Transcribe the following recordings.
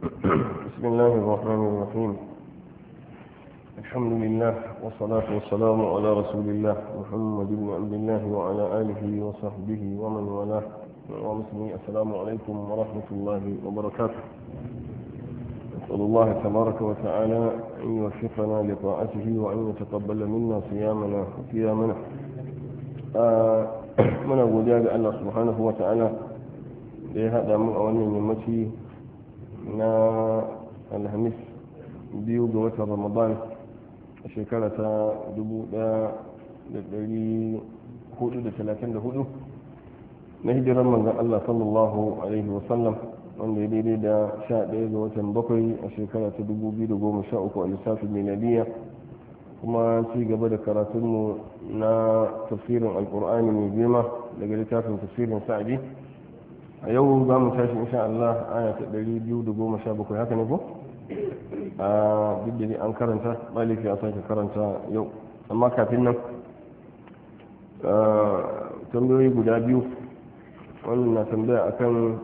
بسم الله الرحمن الرحيم الحمد لله والصلاة والسلام على رسول الله محمد بن عبد الله وعلى آله وصحبه ومن والاه ومسلمي السلام عليكم ورحمة الله وبركاته نسأل الله تبارك وتعالى أن يوفقنا لطاعته وأن يتقبل منا صيامنا وقيامنا آه، من أقول الله سبحانه وتعالى لهذا من أولا يمتي na alhamis biyu ga watan ramadan a shekara ta 1434 na hijiran manzan allah sallallahu alaihi wasallam wanda ya daidai da 11 ga watan bakwai a shekara ta 2013 a lissafin miladiya kuma ci gaba da karatunmu na tafsirin alkur'ani mai girma daga littafin tafsirin sa'adi a yau za mu tashi insha Allah aya ta 217 haka ne ko a duk an karanta maliki a sake karanta yau amma kafin nan tambayoyi guda biyu wannan na tambaya kan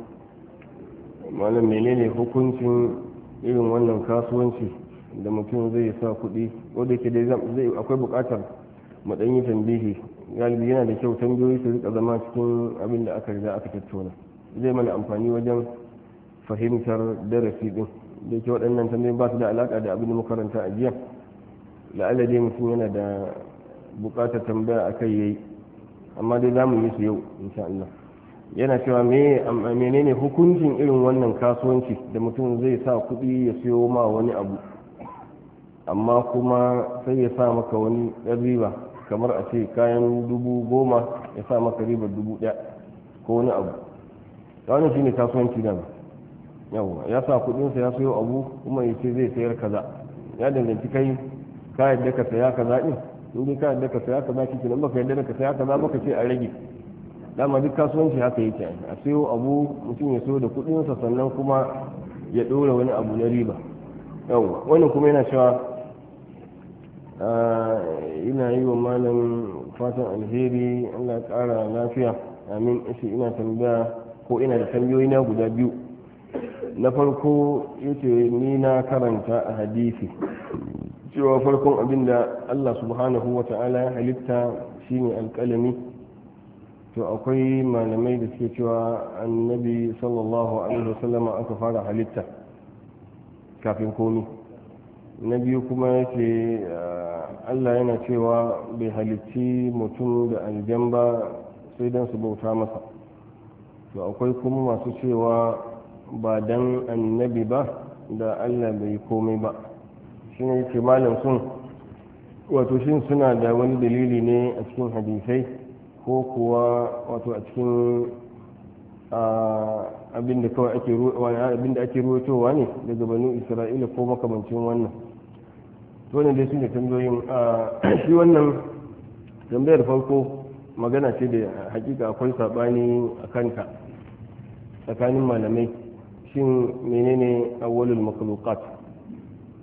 malam menene hukuncin irin wannan kasuwanci da mutum zai sa kuɗi wadda ke dai zai akwai buƙatar matsayin tambihi galibi yana da kyau tambayoyi su rika zama cikin abin da aka riga aka tattauna zai mana amfani wajen fahimtar darasi din da ke waɗannan tambayi ba su da alaƙa da abin da makaranta a jiya la'ala dai mutum yana da buƙatar tambaya a kai yayi amma dai za mu yi su yau insha yana cewa menene hukuncin irin wannan kasuwanci da mutum zai sa kuɗi ya siyo ma wani abu amma kuma sai ya sa maka wani ɗan riba kamar a ce kayan dubu goma ya sa maka ribar dubu ɗaya ko wani abu da shi ne kasuwanci dama yawa ya sa kudinsa ya sayo abu kuma ya ce zai sayar kaza ya danganci kai ka yadda ka saya kaza din in dai ka yadda ka saya kaza shi nan baka yadda ka saya kaza baka ce a rage dama duk kasuwanci haka yake a sayo abu mutum ya sayo da kudinsa sannan kuma ya dora wani abu na riba yawa wannan kuma yana cewa ah, ina yi wa malam fatan alheri allah kara lafiya amin ina tambaya ko ina da tambayoyi na guda biyu na farko ce ni na karanta a hadisi cewa farkon abin da Allah subhanahu wa ta'ala ya halitta shine alƙalami to akwai malamai da suke cewa annabi sallallahu alaihi wasallama aka fara halitta kafin komi na biyu kuma yake ah, Allah yana cewa bai halitti mutum da aljan ba sai don su bauta masa to akwai kuma masu cewa ba dan annabi ba da allah bai komai ba shi ne ke malam sun wato shin suna da wani dalili ne a cikin hadisai ko kuwa wato a cikin abinda kawai ake ruwa ne daga banu isra'ila ko makamancin wannan to dai sun tambayoyin shi wannan tambayar farko magana ce da hakika akwai saɓani a kanta tsakanin malamai shin menene awwalul makhluqat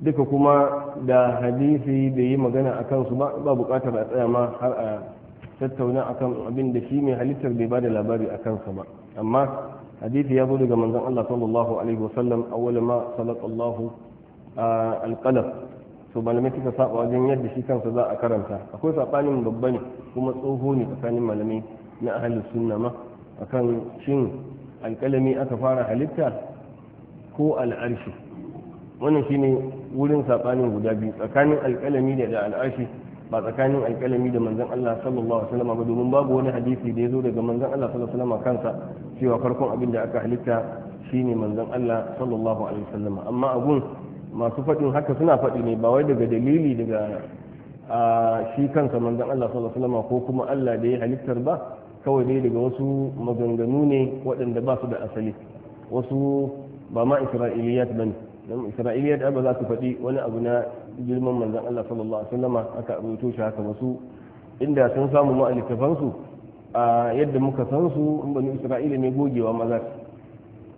duka kuma da hadisi bai yi magana a kansu ba bukatar a tsaya ma har a tattauna akan abin da shi mai halittar bai bada labari a kansa ba amma hadisi ya zo daga manzon Allah sallallahu alaihi wasallam awwal ma sallallahu alqalam to malamai suka saba wajen yadda shi kansa za a karanta akwai saɓanin babba ne kuma tsoho ne tsakanin malamai na ahlus sunna ma akan shin alƙalami aka fara halitta ko al'arshi wannan shine wurin saɓanin guda biyu tsakanin alƙalami da al'arshi ba tsakanin alƙalami da manzon Allah sallallahu alaihi wasallam ba domin babu wani hadisi da ya zo daga manzon Allah sallallahu alaihi wasallam kansa cewa farkon abin da aka halitta shine manzon Allah sallallahu alaihi wasallam amma abun masu faɗin haka suna faɗi ne ba wai daga dalili daga shi kansa manzon Allah sallallahu alaihi wasallam ko kuma Allah da ya halittar ba kawai dai daga wasu maganganu ne waɗanda ba su da asali wasu ba ma isra'iliyat ba ne don isra'iliyat ba za su faɗi wani abu na girman manzan allah sallallahu alaihi wasallama aka rubuto shi haka wasu inda sun samu ma a yadda muka san su in bani isra'ila ne gogewa maza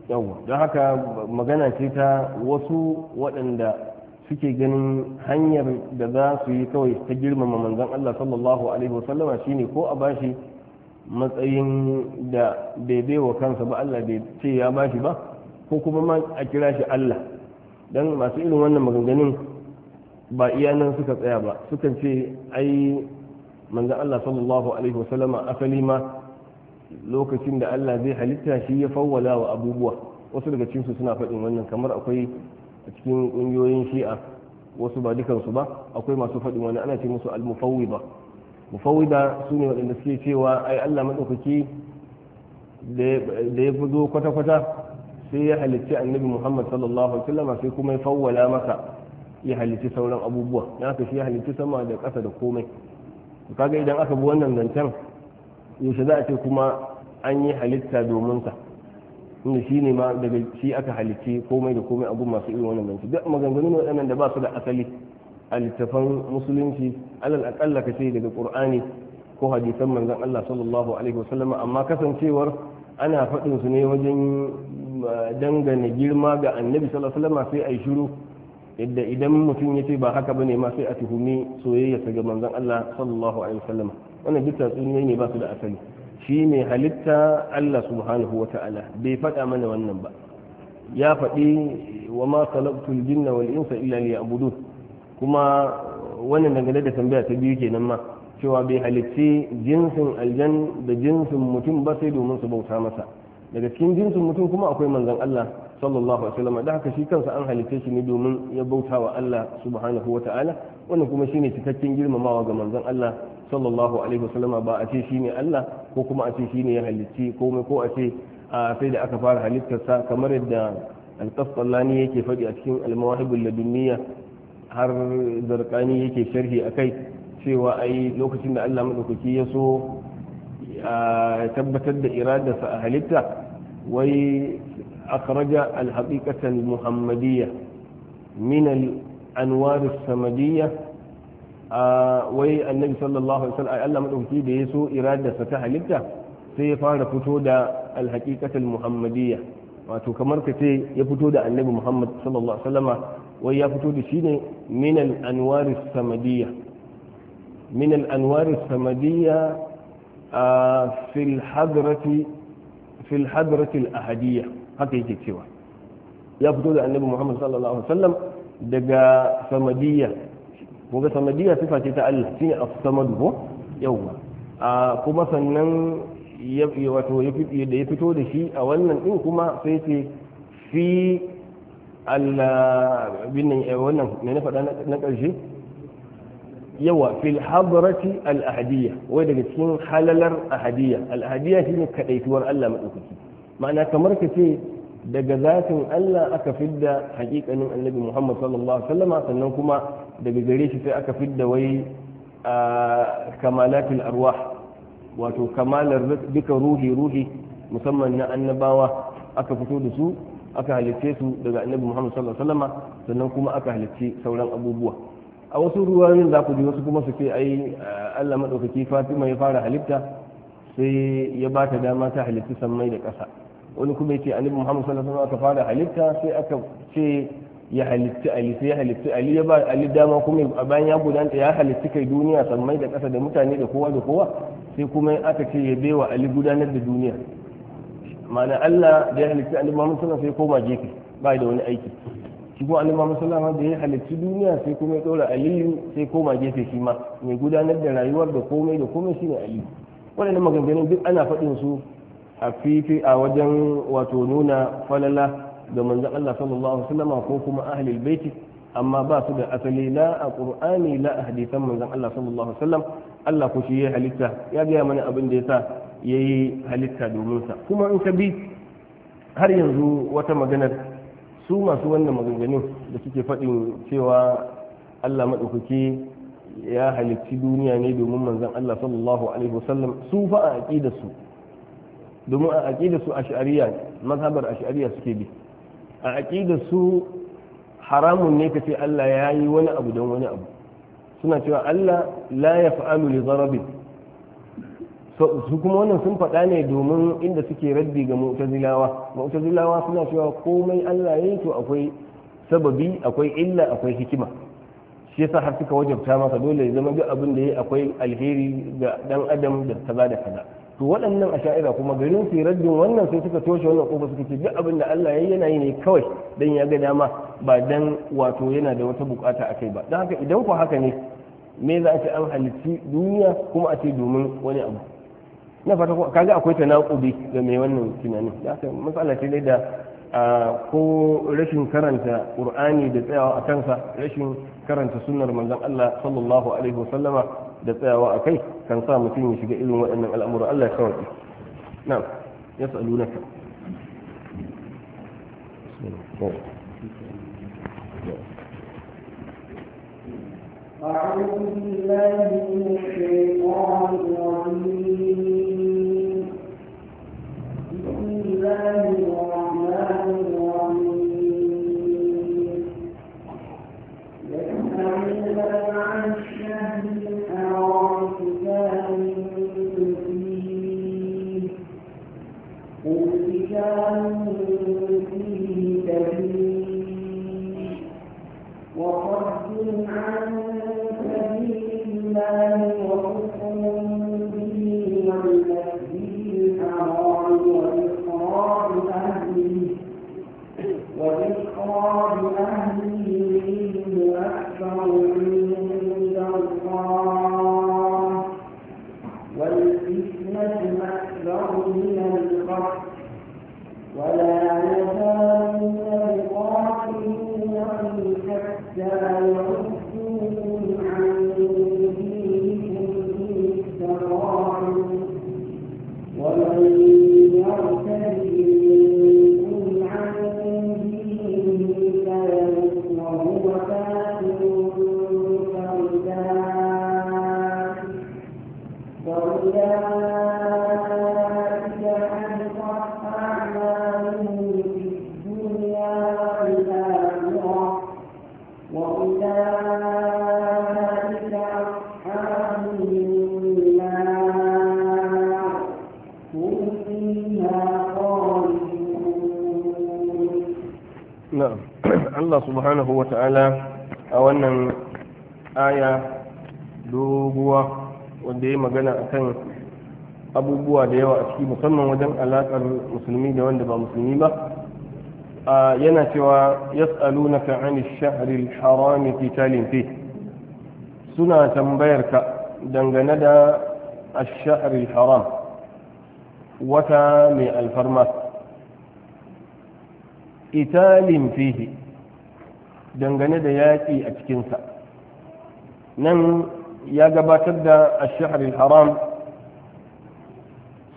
yau don haka magana ce ta wasu waɗanda suke ganin hanyar da za su yi kawai ta girmama manzan Allah sallallahu alaihi wasallama shine ko a bashi matsayin da bai baiwa kansa ba Allah bai ce ya bashi ba ko kuma ma a kira shi Allah don masu irin wannan maganganun ba iya suka tsaya ba sukan ce ai manzan Allah sallallahu alaihi wasallama asali ma lokacin da Allah zai halitta shi ya fawwala wa abubuwa wasu daga cinsu suna faɗin wannan kamar akwai a cikin ƙungiyoyin shi'a wasu ba dukansu ba akwai masu faɗin wani ana ce musu al-mufawwida mufawida su ne waɗanda suke cewa ai allah maɗaukaki da ya zo kwata-kwata sai ya halitti annabi muhammad sallallahu alaihi wasallam sai kuma ya fawwala masa ya halitti sauran abubuwa na haka shi ya halitti sama da ƙasa da komai kaga idan aka bi wannan zancen yaushe za a ce kuma an yi halitta domin sa inda shi ne ma daga shi aka halitti komai da komai abu masu irin wannan zancen duk maganganun waɗannan da ba su da asali a littafan musulunci alal akalla ka ce daga ƙur'ani ko hadisan manzon Allah sallallahu alaihi wasallam amma kasancewar ana faɗin su ne wajen dangane girma ga annabi sallallahu alaihi wasallam sai ai shiru yadda idan mutum ya ce ba haka ba ne ma sai a tuhumi soyayya ga manzon Allah sallallahu alaihi wasallam wannan duk tatsuniyoyi ne ba su da asali shi ne halitta Allah subhanahu wa ta'ala bai faɗa mana wannan ba ya faɗi wa ma khalaqtul jinna wal insa illa liya'budun kuma wannan dangane da tambaya ta biyu kenan ma cewa bai halicci jinsin aljan da jinsin mutum ba sai domin su bauta masa daga cikin jinsin mutum kuma akwai manzon Allah sallallahu alaihi wasallam da haka shi kansa an halicce shi ne domin ya bauta wa Allah subhanahu wataala wannan kuma shine cikakken girmamawa ga manzon Allah sallallahu alaihi wasallam ba a ce shine Allah ko kuma a ce shine ya halicci komai ko a ce sai da aka fara halittarsa kamar yadda alƙasƙallani yake faɗi a cikin almawahibul ladunniya har zarkani yake sharhi a kai cewa ai lokacin da allah maɗaukaki ya so a tabbatar da iradarsa a halitta wai akhraja alhaqiqata almuhammadiyya min al-anwar as wai annabi sallallahu alaihi wasallam allah maɗaukaki da ya so iradarsa ta halitta sai ya fara fito da alhaqiqata almuhammadiyya wato kamar ka ce ya fito da annabi muhammad sallallahu alaihi wasallama wai ya fito da shi ne minal al samadiyya min al-anwar samadiyya fi al-hadrati ahadiyya haka yake cewa ya fito da annabi Muhammad sallallahu alaihi wasallam daga samadiyya kuma samadiyya sifa ce ta Allah shine as-samad ko yawa kuma sannan wato ya fito da shi a wannan din kuma sai ce fi wannan ne na faɗa na ƙarshe yawa fil hadarati al ahadiyya wai daga cikin halalar ahadiyya al ahadiyya shine kadaituwar Allah madaukaki ma'ana kamar ka ce daga zatin Allah aka fidda hakikanin annabi Muhammad sallallahu alaihi wasallam sannan kuma daga gare shi sai aka fidda wai kamalatul arwah wato kamalar duka ruhi ruhi musamman na annabawa aka fito da su aka halicce su daga annabi muhammad sallallahu alaihi wasallam sannan kuma aka halicci sauran abubuwa a wasu ruwayoyin za ku ji wasu kuma su ce ai allah maɗaukaki fatima ya fara halitta sai ya ba ta dama ta halitta sammai da ƙasa wani kuma ya ce annabi muhammad sallallahu alaihi wasallam aka fara halitta sai aka ce ya halitta ali sai ya halitta ali ya ba ali dama kuma a bayan ya gudanta ya halitta kai duniya sammai da ƙasa da mutane da kowa da kowa sai kuma aka ce ya bewa ali gudanar da duniya ma'ana Allah da ya halitta annabi Muhammad sai koma gefe ba da wani aiki shi kuma annabi Muhammad da ya halitta duniya sai kuma ya dora Aliyu sai koma gefe shi ma mai gudanar da rayuwar da komai da komai shine Aliyu waɗannan maganganun duk ana faɗin su a fifi a wajen wato nuna falala ga manzon Allah sallallahu alaihi wasallam ko kuma ahlul baiti amma ba su da asali la a qur'ani la a hadisan manzon Allah sallallahu alaihi wasallam Allah ko shi ya halitta ya ga mana abin da ya sa ya yi halitta dominsa kuma in ka bi har yanzu wata maganar su masu wannan maganganun da suke faɗin cewa allah maɗaukaki ya halicci duniya ne domin manzan allah sallallahu alaihi wasallam su fa a aƙida su domin a aƙida su a ashariya mazhabar ashariya suke bi a aƙida su haramun ne ka ce allah ya yi wani abu don wani abu suna cewa allah la ya fa'alu li zarabin su kuma wannan sun faɗa ne domin inda suke raddi ga mu'tazilawa mu'tazilawa suna cewa komai Allah yayi to akwai sababi akwai illa akwai hikima shi yasa har suka wajabta masa dole ya zama duk abin da yayi akwai alheri ga dan adam da kaza da kaza to waɗannan asha'ira kuma garin su raddin wannan sai suka toshe wannan kofa suka ce duk abin da Allah yayi yana yi ne kawai dan ya ga dama ba dan wato yana da wata bukata akai ba dan haka idan ku haka ne me za a ce an halitti duniya kuma a ce domin wani abu na fata kaga akwai tanaƙudi ga mai wannan tunanin da aka matsala ce dai da ko rashin karanta qur'ani da tsayawa a kansa rashin karanta sunnar manzon Allah sallallahu alaihi wasallama da tsayawa a kai kan sa mutum ya shiga irin waɗannan al'amura Allah ya sauke na'am yas'alunaka ka أعوذ بالله من الشيطان الرجيم ta'ala a wannan aya doguwa wanda ya magana akan abubuwa da yawa a ciki musamman wajen alaƙar musulmi da wanda ba musulmi ba yana cewa yas'alunaka 'ani shahril harami qitalin fi suna tambayar ka dangane da ash-shahril haram wata mai alfarma qitalin fihi dangane da yaƙi a cikinsa nan ya gabatar da ashaharil haram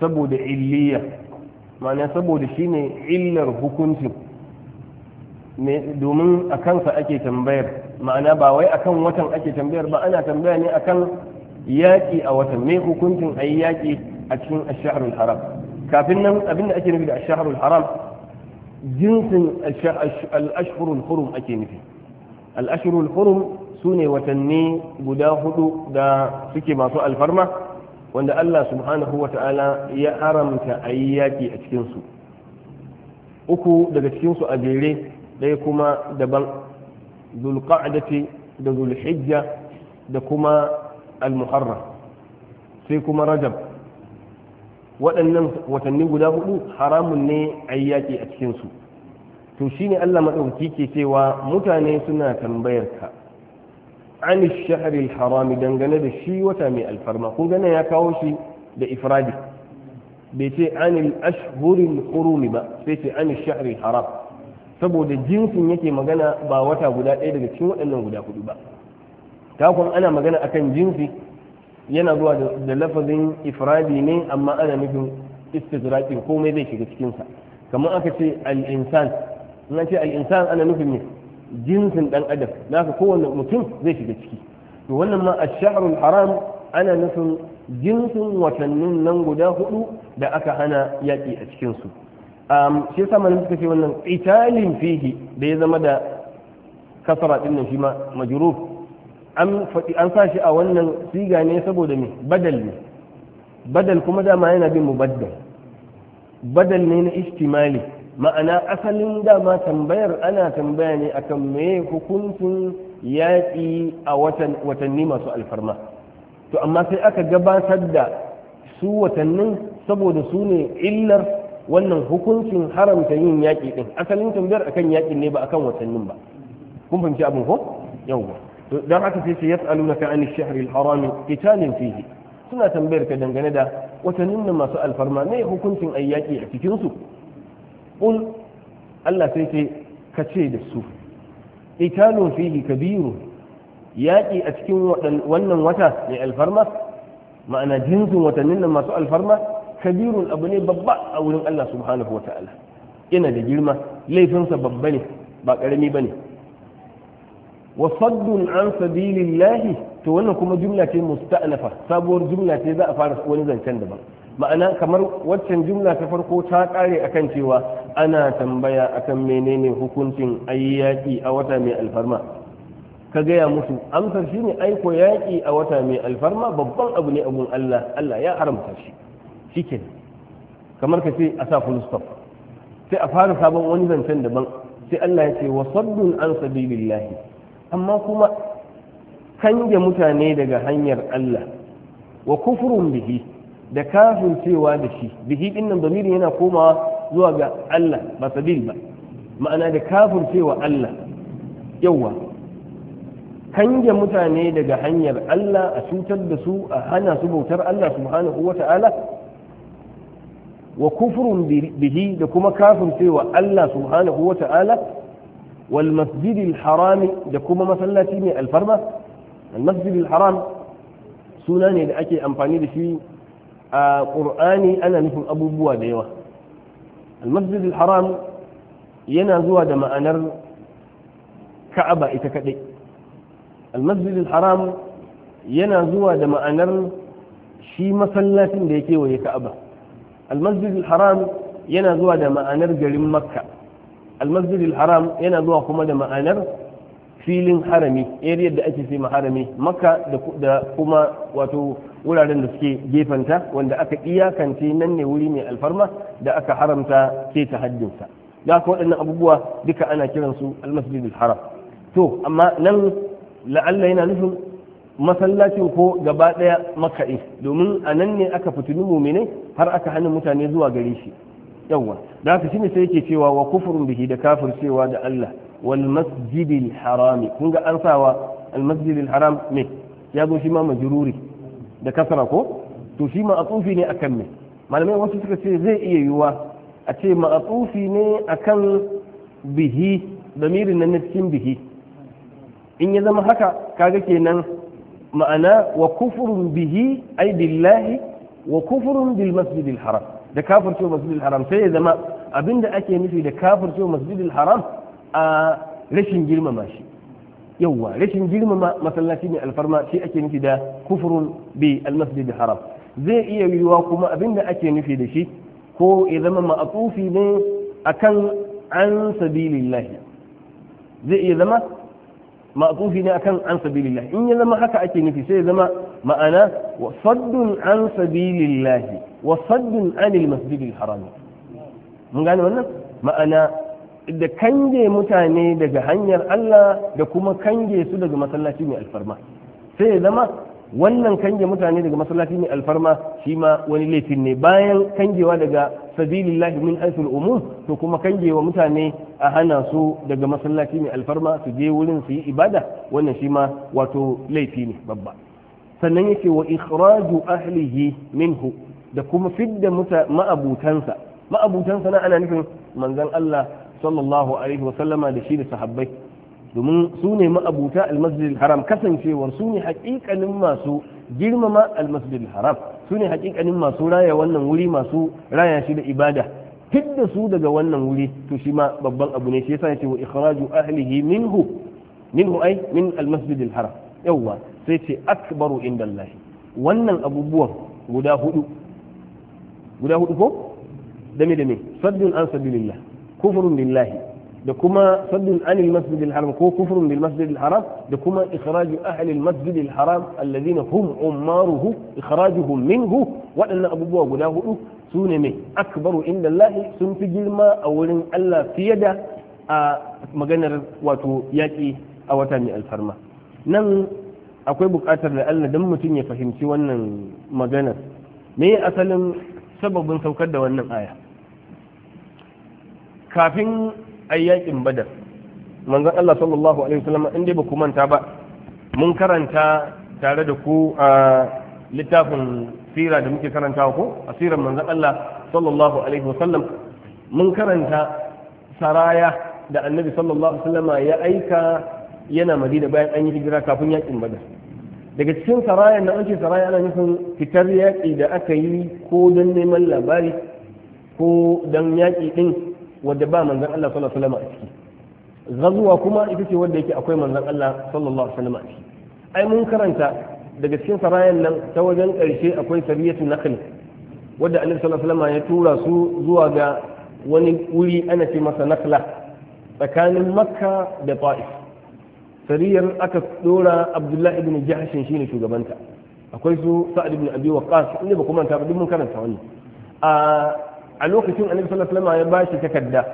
saboda illiya ma'ana saboda shine illar hukuncin domin a kansa ake tambayar ma'ana ba wai akan watan ake tambayar ba ana tambaya ne akan yaƙi a watan mai hukuncin a yi yaƙi a cikin ashaharul haram kafin nan abinda ake nufi da ashaharul haram jinsin al'ashirul hurum ake nufi al'ashirul hurum su ne watanni guda hudu da suke masu alfarma wanda Allah subhanahu wa ta'ala ya haramta a yi yaƙi a cikinsu uku daga cikinsu a jere ɗaya kuma daban zulqa'adati da zulhijja da kuma al-muharram sai kuma rajab waɗannan watanni guda hudu haramun ne a yi yaƙi a cikinsu to shine Allah maɗauki ke cewa mutane suna tambayar ka an shaharil harami dangane da shi wata mai alfarma kun gane ya kawo shi da ifradi bai ce an ashhurin hurumi ba sai ce an shaharil haram saboda jinsin yake magana ba wata guda ɗaya daga cikin waɗannan guda hudu ba ta ana magana akan jinsi yana zuwa da lafazin ifradi ne amma ana nufin istizraqi komai zai shiga cikin sa kamar aka ce al-insan ce al-insan ana nufin ne jinsin dan adam naka kowanne mutum zai shiga ciki to wannan ma ash-shahrul haram ana nufin jinsin watannin nan guda hudu da aka hana yaki a cikin su shi yasa malamin suka ce wannan qitalin fihi da ya zama da kasara din nan shi ma majruf an faɗi an sa shi a wannan siga ne saboda me badal ne badal kuma dama yana bin mubaddal badal ne na istimali ma'ana asalin dama tambayar ana tambaya ne akan me hukuncin yaƙi a watanni masu alfarma to amma sai aka gabatar da su watannin saboda su ne illar wannan hukuncin haramta yin yaƙi ɗin asalin tambayar akan yaƙi ne ba akan watannin ba kun fahimci abin ko yawwa don haka sai ce yas'alunaka an ash-shahril haram qitalin fihi suna tambayar ka dangane da watannin nan masu alfarma ne hukuncin ayyaki a cikin su Allah sai ce ka ce da su qitalun fihi kabiru yaki a cikin wannan wata mai alfarma ma'ana jinsin watannin nan masu alfarma kabirun abu ne babba a wurin Allah subhanahu wa ta'ala yana da girma laifinsa babba ne ba ƙarami ba ne wa saddun an sabilillahi to wannan kuma jumla ce musta'nafa sabuwar jumla ce za a fara wani zancen daban ma'ana kamar waccan jumla ta farko ta kare akan cewa ana tambaya akan menene hukuncin ayyaki a wata mai alfarma ka gaya musu amsar shine aiko yaƙi a wata mai alfarma babban abu ne abun Allah Allah ya haramta shi shike kamar ka ce a sa full stop sai a fara sabon wani zancen daban sai Allah ya ce wa saddun an sabilillahi amma kuma kange mutane daga hanyar Allah wa kufurun bihi da kafin cewa da shi bihi din nan yana komawa zuwa ga Allah ba sabil ba ma'ana da kafin cewa Allah yawa kange mutane daga hanyar Allah a cutar da su a hana su bautar Allah subhanahu wa ta'ala wa kufurun bihi da kuma kafin cewa Allah subhanahu wa ta'ala wal masjidil harami da kuma masallaci mai alfarma al masjidil haram suna ne da ake amfani da shi a ƙur'ani ana nufin abubuwa da yawa al masjidil haram yana zuwa da ma'anar ka'aba ita kaɗai al masjidil haram yana zuwa da ma'anar shi masallacin da ya kewaye ka'aba al masjidil haram yana zuwa da ma'anar garin makka almasjidil haram yana zuwa kuma da ma'anar filin harami area da ake sai harami maka, da kuma wato wuraren da suke gefanta wanda aka iyakance nan ne wuri mai alfarma da aka haramta ke ta haddinsa da haka waɗannan abubuwa duka ana kiransu almasjidil haram to amma nan la'alla yana nufin masallacin ko gaba ɗaya maka'i domin a nan ne aka fitini muminai har aka hana mutane zuwa gare shi yawa da haka shine sai yake cewa wa kufrun bihi da kafir cewa da Allah wal masjidil harami kun ga an sawa al masjidil haram ne ya zo shi ma majruri da kasra ko to shi ma atsufi ne akan me malamai wasu suka ce zai iya yiwuwa a ce ma atsufi ne akan bihi damirin nan na cikin bihi in ya zama haka kaga kenan ma'ana wa kufurun bihi ai billahi wa kufurun bil masjidil haram da kafirce masjidil haram sai ya zama abinda ake nufi da kafirce masjidil haram a rashin girmama shi yawwa rashin girmama masallaci mai alfarma shi ake nufi da kufurun bi almasjidil haram zai iya yiwuwa kuma abinda ake nufi da shi ko ya zama ma'atufi ne akan an sabilillahi zai iya zama ma'tufi ne akan an sabilillah in ya zama haka ake nufi sai ya zama ma'ana wa saddun an sabilillah wa saddun anil masjidil haram mun gane wannan ma'ana da kange mutane daga hanyar Allah da kuma kange su daga masallaci mai alfarma sai ya zama wannan kange mutane daga masallaci ne alfarma shi ma wani laifin ne bayan kangewa daga sabilillahi min aisul umur to kuma kangewa mutane a hana su daga masallaci ne alfarma su je wurin su yi ibada wannan shi ma wato laifi ne babba sannan yake wa ikhraju ahlihi minhu da kuma fidda ma'abutansa ma'abutansa na ana nufin manzon Allah sallallahu alaihi wa sallama da shi da sahabbai domin su ne ma'abuta almasjidil haram kasancewar su ne hakikanin masu girmama almasjidil haram su ne hakikanin masu raya wannan wuri masu raya shi da ibada fidda su daga wannan wuri to shi ma babban abu ne shi yasa yace wa ikhraju ahlihi minhu minhu ai min almasjidil haram yawa sai ce akbaru indallahi wannan abubuwan guda hudu guda hudu ko dame dame saddun an sabilillah kufrun billahi da kuma saddun anil masjid al-haram ko kufrun bil masjid al-haram da kuma ikhraju ahli al-masjid al-haram alladhina hum ummaruhu ikhrajuhum minhu waɗannan abubuwa guda hudu sune ne mai akbaru inda Allah sun fi girma a wurin Allah fiye da a maganar wato yaki a wata mai alfarma nan akwai buƙatar da Allah dan mutum ya fahimci wannan maganar me asalin sababin saukar da wannan aya kafin ai yakin badar manzon Allah sallallahu alaihi wasallam in dai ba ku manta ba mun karanta tare da ku a littafin sira da muke karantawa ko asiran manzon Allah sallallahu alaihi wasallam mun karanta saraya da annabi sallallahu alaihi wasallam ya aika yana madina bayan an yi hijira kafin yakin badar daga cikin sarayan na ce saraya ana nufin fitar yaƙi da aka yi ko don neman labari ko don yaƙi ɗin wadda ba manzon Allah sallallahu alaihi wasallam a ciki gazuwa kuma ita ce wadda yake akwai manzon Allah sallallahu alaihi wasallam a ciki ai mun karanta daga cikin sarayan nan ta wajen ƙarshe akwai sariyatu nakhl wadda annabi sallallahu alaihi wasallam ya tura su zuwa ga wani wuri ana ce masa nakla tsakanin makka da ta'if sariyar aka dora abdullahi ibn jahshin shine shugabanta akwai su sa'ad ibn abi waqqas inda ba kuma ta ba mun karanta wannan a a lokacin annabi sallallahu alaihi wasallam ya bashi takarda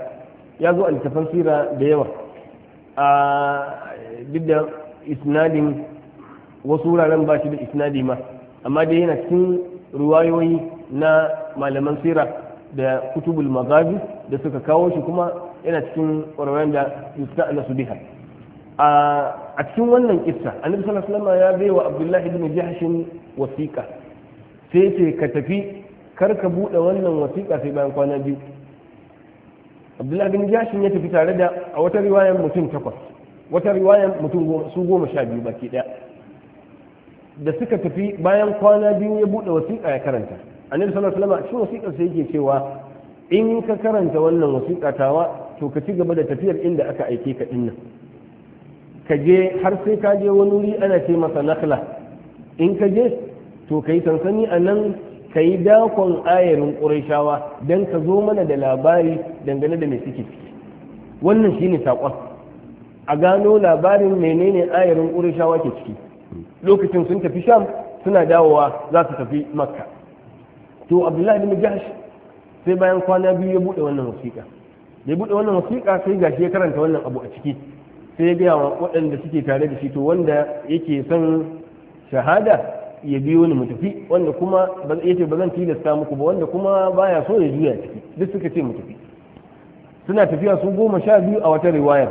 ya zo a littafan sira da yawa a duk da isnadin wasu wuraren ba shi da isnadi ma amma dai yana cikin ruwayoyi na malaman sira da kutubul da suka kawo shi kuma yana cikin ƙwararren da yusta ala biha a cikin wannan kissa annabi sallallahu alaihi wasallam ya baiwa abdullahi ibn jahshin wasiqa sai ce ka tafi kar ka buɗe wannan wasiƙa sai bayan kwana biyu abdullahi bin jashin ya tafi tare da a wata riwayan mutum takwas wata riwayan mutum su goma sha biyu baki ɗaya da suka tafi bayan kwana biyu ya buɗe wasiƙa ya karanta annabi sallallahu alaihi wasallam shi wasiƙar sai yake cewa in ka karanta wannan wasiƙa tawa to ka ci gaba da tafiyar inda aka aike ka nan ka je har sai ka je wani wuri ana ce masa nakla in ka je to ka yi sansani a nan ka yi dakon ayarin ƙurashawa don ka zo mana da labari dangane da mai suke ciki wannan shi ne saƙon a gano labarin menene ayarin ƙurashawa ke ciki lokacin sun tafi sham suna dawowa za su tafi makka to abdullahi bin jahash sai bayan kwana biyu ya buɗe wannan wasiƙa ya buɗe wannan wasiƙa sai gashi ya karanta wannan abu a ciki sai ya gaya wa waɗanda suke tare da shi to wanda yake son shahada ya biyo ni mu tafi wanda kuma zai ce ba zan tilasta muku ba wanda kuma baya so ya juya ciki duk suka ce mu tafi suna tafiya su goma sha biyu a wata riwayar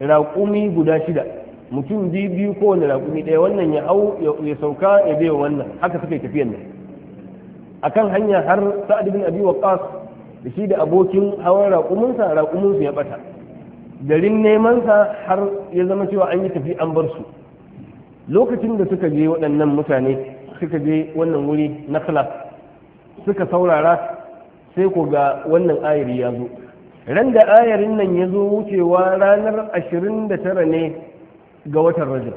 raƙumi guda shida mutum biyu biyu kowane raƙumi ɗaya wannan ya au ya sauka ya biyo wannan haka suka yi tafiyan nan akan hanya har sa'ad bin abi waqas da shi da abokin hawan raƙuminsa raƙuminsu ya bata garin neman sa har ya zama cewa an yi tafi an bar su lokacin da suka je waɗannan mutane suka je wannan wuri na kala suka saurara sai ko ga wannan ayari ya zo ran da ayarin nan ya zo wucewa ranar 29 ne ga watan rajab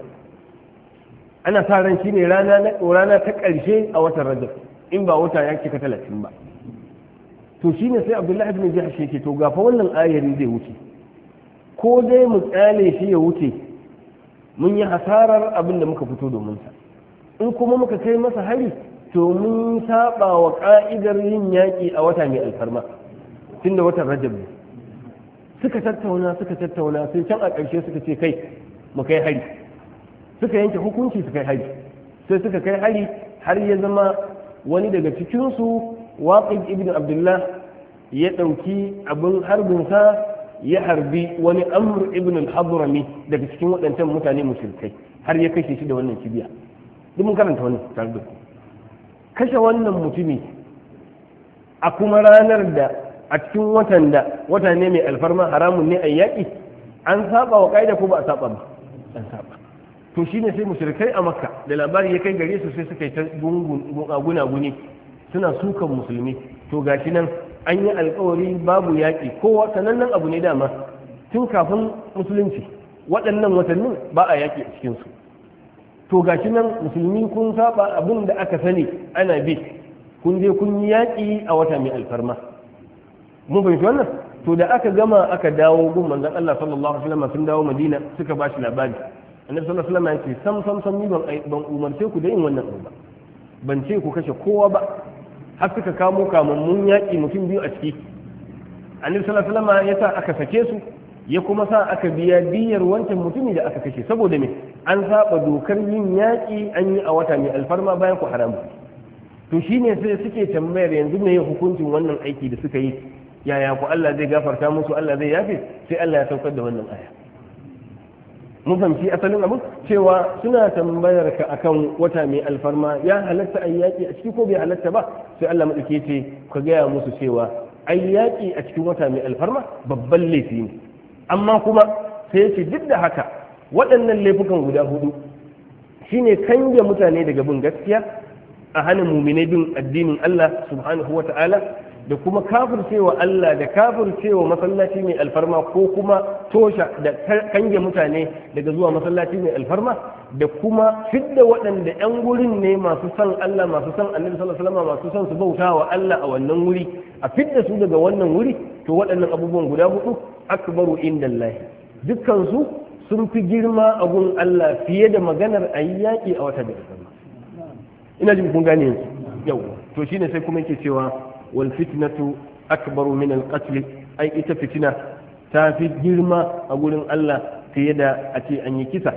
ana sa ran shi ne rana ta ƙarshe a watan rajab in ba wata ya cika talatin ba to shi ne sai abdullahi ibn jihar shi ke to gafa wannan ayari zai wuce ko dai mu tsale shi ya wuce mun yi hasarar abin da muka fito domin sa in kuma muka kai masa hari to mun saba wa ka'idar yin yaƙi a wata mai alfarma tun da watan rajab ne suka tattauna suka tattauna sai can a ƙarshe suka ce kai mu kai hari suka yanke hukunci su kai hari sai suka kai hari har ya zama wani daga cikinsu waƙid ibn abdullah ya ɗauki abin harbinsa ya harbi wani Amur, ibn al-hadrami daga cikin waɗancan mutane mushrikai har ya kashe shi da wannan kibiya duk mun karanta wannan tare kashe wannan mutumi a kuma ranar da a cikin watan da wata ne mai alfarma haramun ne a yaƙi an saba wa ƙa'ida ko ba a saba ba an saba to shine sai mushrikai a makka da labari ya kai gare su sai suka yi ta gunaguni suna sukan musulmi to gashi nan an yi alkawari babu yaƙi kowa sanannen abu ne dama tun kafin musulunci waɗannan watannin ba a yaƙi a cikinsu to ga shi nan musulmi kun saba abin da aka sani ana bi kun je kun yi yaƙi a wata mai alfarma mun fahimci wannan to da aka gama aka dawo gun manzon Allah sallallahu alaihi wasallam sun dawo Madina suka ba shi labari annabi sallallahu alaihi wasallam ya ce sam sam sam ni ban ban umarce ku da yin wannan abu ba ban ce ku kashe kowa ba har suka kamo kamammun yaƙi mutum biyu a ciki annabi sallallahu alaihi wasallam ya sa aka sake su ya kuma sa aka biya diyar wancan mutumi da aka kashe saboda me an saba dokar yin yaƙi an yi a wata mai alfarma bayan ku haramu to shine sai suke tambayar yanzu me hukuncin wannan aiki da suka yi yaya ku Allah zai gafarta musu Allah zai yafe sai Allah ya saukar da wannan aya mun fahimci asalin abin cewa suna tambayar ka akan wata mai alfarma ya halatta a yaƙi a ciki ko bai halatta ba sai Allah maɗauke ce ka gaya musu cewa ai yaƙi a cikin wata mai alfarma babban laifi ne amma kuma sai ya duk da haka waɗannan laifukan guda hudu shine kange mutane daga bin gaskiya a hana muminai bin addinin Allah subhanahu wa ta'ala da kuma kafircewa Allah da kafircewa masallaci mai alfarma ko kuma tosha da kange mutane daga zuwa masallaci mai alfarma da kuma fidda waɗanda 'yan gurin ne masu san Allah masu san annabi sallallahu alaihi wasallam masu san su bauta wa Allah a wannan wuri a fidda su daga wannan wuri to waɗannan abubuwan guda hudu akbaru indallahi dukkan su sun fi girma a gun Allah fiye da maganar ayyaki a wata da ina jin kun gane yau to shine sai kuma yake cewa wal fitnatu akbaru min al qatl ai ita fitina ta fi girma a gurin Allah fiye da ake ce an yi kisa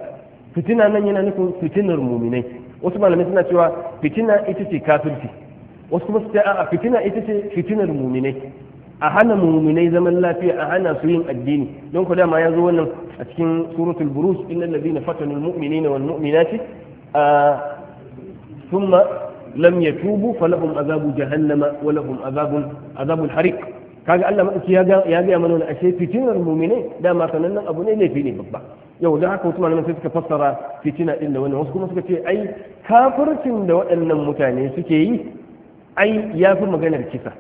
fitina nan yana nufin fitinar muminai wasu malamai suna cewa fitina ita ce kafirci wasu kuma su ce a fitina ita ce fitinar muminai a hana muminai zaman lafiya a hana su yin addini don ku dama ya zo wannan a cikin suratul buruj innal ladina fatanu al mu'minina wal mu'minati thumma lam yatubu falahum azabu jahannama wa lahum azabun azabul kaga Allah madauki ya ga ya ga mana ashe fitinar mu'mine dama sanannen abu ne laifi ne babba yau da haka wasu malaman sai suka fassara fitina din da wannan wasu kuma suka ce ai kafircin da waɗannan mutane suke yi ai ya fi maganar kisa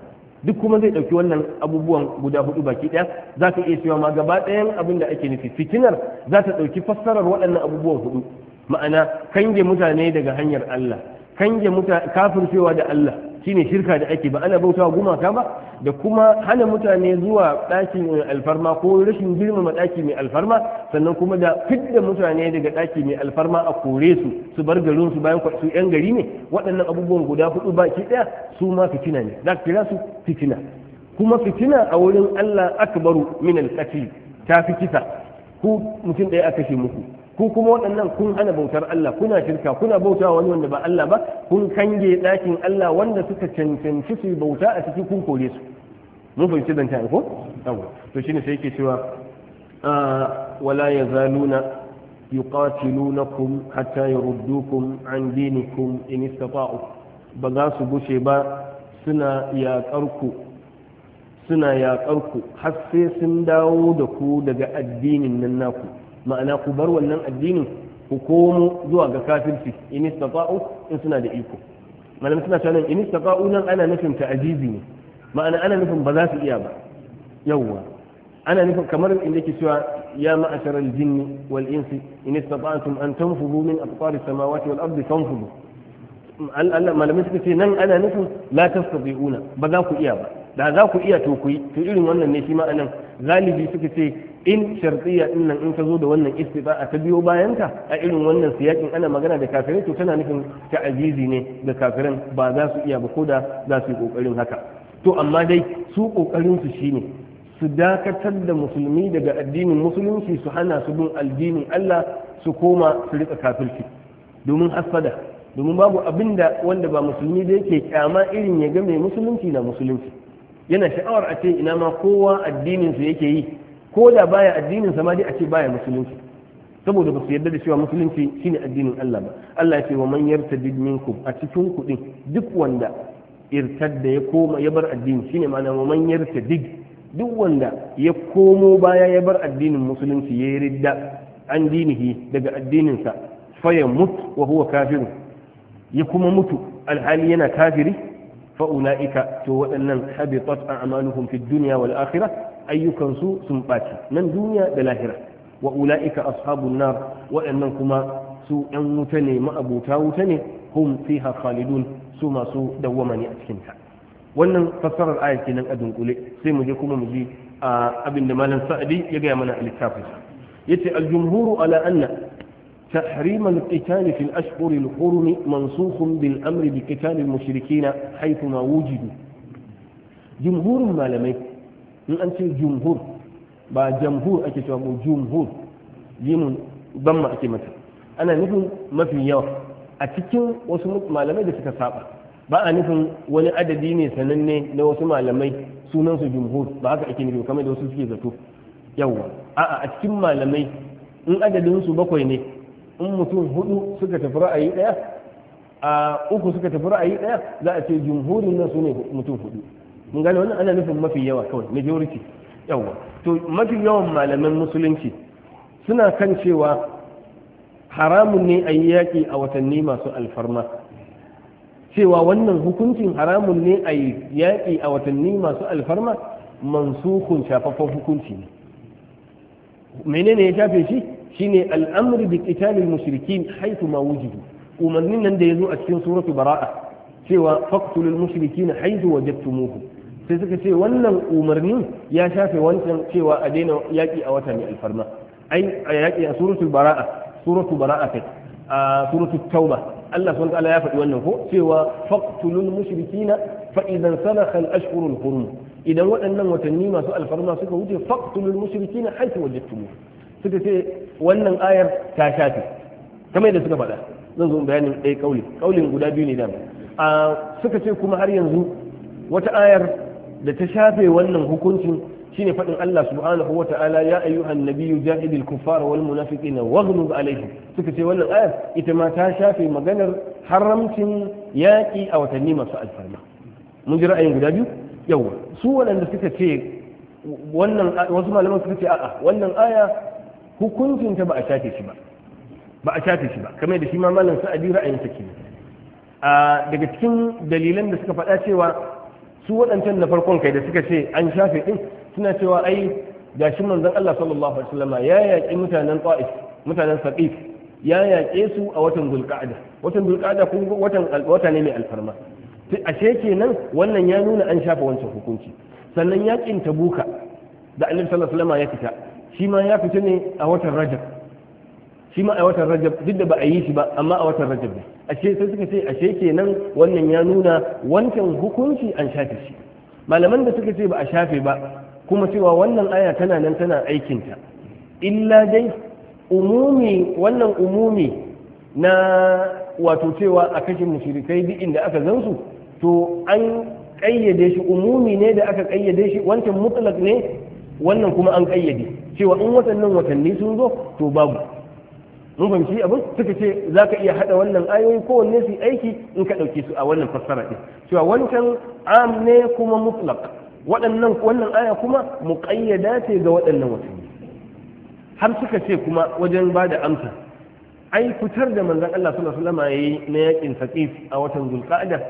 duk kuma zai ɗauki wannan abubuwan guda hudu baki ɗaya za ka iya cewa ma gaba ɗayan abin da ake nufi fitinar za ta ɗauki fassarar waɗannan abubuwan hudu ma'ana kange mutane daga hanyar Allah kange kafin kafircewa da Allah shine shirka da ake ba ana bauta gumaka ba da kuma hana mutane zuwa ɗakin alfarma ko rashin girmama ɗaki mai alfarma sannan kuma da fidda mutane daga ɗaki mai alfarma a kore su su bar garin su bayan su yan gari ne waɗannan abubuwan guda hudu baki ɗaya su ma fitina ne za kira su fitina kuma fitina a wurin Allah akbaru min al ta fi kisa ku mutum ɗaya a kashe muku ku kuma waɗannan kun hana bautar Allah kuna shirka kuna bauta wani wanda ba Allah ba kun kange ɗakin Allah wanda suka cancanci su bauta a cikin kun kore su mun fahimci zan ta ko yawa to shine sai yake cewa ah, wala yazaluna yuqatilunakum hatta yuruddukum an dinikum in istata'u ba za su gushe ba suna yaƙarku suna yaƙarku har sai sun dawo da ku daga addinin nan naku ma'ana ku bar wannan addinin ku komo zuwa ga kafirci in istata'u in suna da iko malam suna cewa in istata'u nan ana nufin ta'ajizi ne ma'ana ana nufin ba za su iya ba yawwa ana nufin kamar inda ke cewa ya ma'ashar al-jinni wal insi in istata'tum an tanfudu min aqtari samawati wal ardi fanfudu Allah malamai suka ce nan ana nufin la tastati'una ba za ku iya ba da za ku iya to ku yi to irin wannan ne shi ma'anan anan galibi suka ce in shartiya din nan in ka zo da wannan a ta biyo bayan ka a irin wannan siyakin ana magana da kafirai to tana nufin ta'azizi ne ga kafiran ba za su iya ba ko da za su yi kokarin haka to amma dai su kokarin su shine su dakatar da musulmi daga addinin musulunci su hana su bin addinin Allah su koma su rika kafirci domin hasada domin babu abin da wanda ba musulmi da yake kyama irin ya ga mai musulunci na musulunci yana sha'awar a ce ina ma kowa addinin su yake yi ko da baya addinin sa ma dai a ce baya musulunci saboda ba su yarda da cewa musulunci shine addinin Allah ba Allah ya ce wa man yartadid minkum a cikin ku din duk wanda irtadda ya koma ya bar addini shine ma'ana wa man yartadid duk wanda ya komo baya ya bar addinin musulunci ya ridda an dinihi daga addininsa fa ya wa huwa kafiru ya kuma mutu alhali yana kafiri fa ulaika to waɗannan habitat a'maluhum fid dunya wal akhirah ayyukansu sun ɓaci nan duniya da lahira wa ula'ika ashabun nar waɗannan kuma su ‘yan wuta ne ma'abuta wuta ne hum fiha khalidun su masu dawwama ne a ta. wannan fassarar ayar kenan a dunkule sai mu je kuma mu ji abin da malam sa'adi ya gaya mana a littafin yace al-jumhuru ala anna تحريم القتال في الأشهر الحرم منسوخ بالأمر بقتال المشركين حيثما وجدوا جمهور المعلمين in an ce jumhur ba jamhur ake cewa mu jumhur ban ma ake mata ana nufin mafi yawa a cikin wasu malamai da suka saba ba a nufin wani adadi ne sananne na wasu malamai sunan su jumhur ba haka ake nufi kamar da wasu suke zato yawa a'a a cikin malamai in adadin su bakwai ne in mutum hudu suka tafi ra'ayi daya a uku suka tafi ra'ayi daya za a ce jumhurin nan su ne mutum hudu mun gane wannan ana nufin mafi yawa kawai majority yawa to mafi yawan malaman musulunci suna kan cewa haramun ne a yi yaƙi a watanni masu alfarma cewa wannan hukuncin haramun ne a yi yaƙi a watanni masu alfarma mansukun shafaffen hukunci ne menene ya shafe shi shine al'amri bi qitalil mushrikin haythu ma wujidu umarnin nan da yazo a cikin suratu bara'a cewa faqtulul mushrikina haythu wajadtumuhum sai suka ce wannan umarni ya shafe wancan cewa a daina yaƙi a wata mai alfarma ai a yaƙi a suratul bara'a suratul bara'a kai a suratul tauba Allah subhanahu Allah ya faɗi wannan ko cewa faqtulul mushrikina fa idan sanakha al-ashhurul hurum idan waɗannan watanni masu alfarma suka wuce faqtulul mushrikina haythu wajadtum suka ce wannan ayar ta shafe kamar yadda suka faɗa zan zo bayanin ɗaya kauli kaulin guda biyu ne da suka ce kuma har yanzu wata ayar da ta shafe wannan hukuncin shine faɗin Allah subhanahu wa ta'ala ya ayyuhan nabiyyu jahidil kuffara wal munafiqina waghlub alaihim suka ce wannan ayar ita ma ta shafe maganar haramcin yaƙi a watanni masu alfarma mun ji ra'ayin guda biyu yawa su waɗanda suka ce wannan wasu malaman suka ce a'a wannan aya hukuncin ta ba a shafe shi ba ba a shafe shi ba kamar da shi ma malam sa'adi ra'ayin sa kenan a daga cikin dalilan da suka faɗa cewa su waɗancan na farkon kai da suka ce an shafe ɗin? suna cewa ai gashin manzon Allah sallallahu alaihi wasallam ya yaƙi mutanen Qa'is mutanen Saqif ya yaƙe su a watan Zulqa'ada watan Zulqa'ada kun watan wata ne mai alfarma ashe kenan wannan ya nuna an shafe wancan hukunci sannan yaƙin Tabuka da Annabi sallallahu alaihi wasallam ya fita shi ma ya fita ne a watan Rajab shi ma a watan rajab duk da ba a yi shi ba amma a watan rajab ne ashe sai suka ce ashe kenan wannan ya nuna wancan hukunci an shafe shi malaman da suka ce ba a shafe ba kuma cewa wannan aya tana nan tana aikinta illa dai umumi wannan umumi na wato cewa a kashe mushrikai duk inda aka zansu to an kayyade shi umumi ne da aka kayyade shi wancan mutlak ne wannan kuma an kayyade cewa in watannin watanni sun zo to babu mun shi abin suka ce za ka iya haɗa wannan ayoyi wanne su aiki in ka ɗauke su a wannan fassara ɗin cewa wancan am ne kuma mutlaq waɗannan wannan aya kuma muƙayyada ce ga waɗannan watanni har suka ce kuma wajen ba da amsa ai fitar da manzon Allah sallallahu alaihi wasallam yayi na yakin saqif a watan zulqa'ada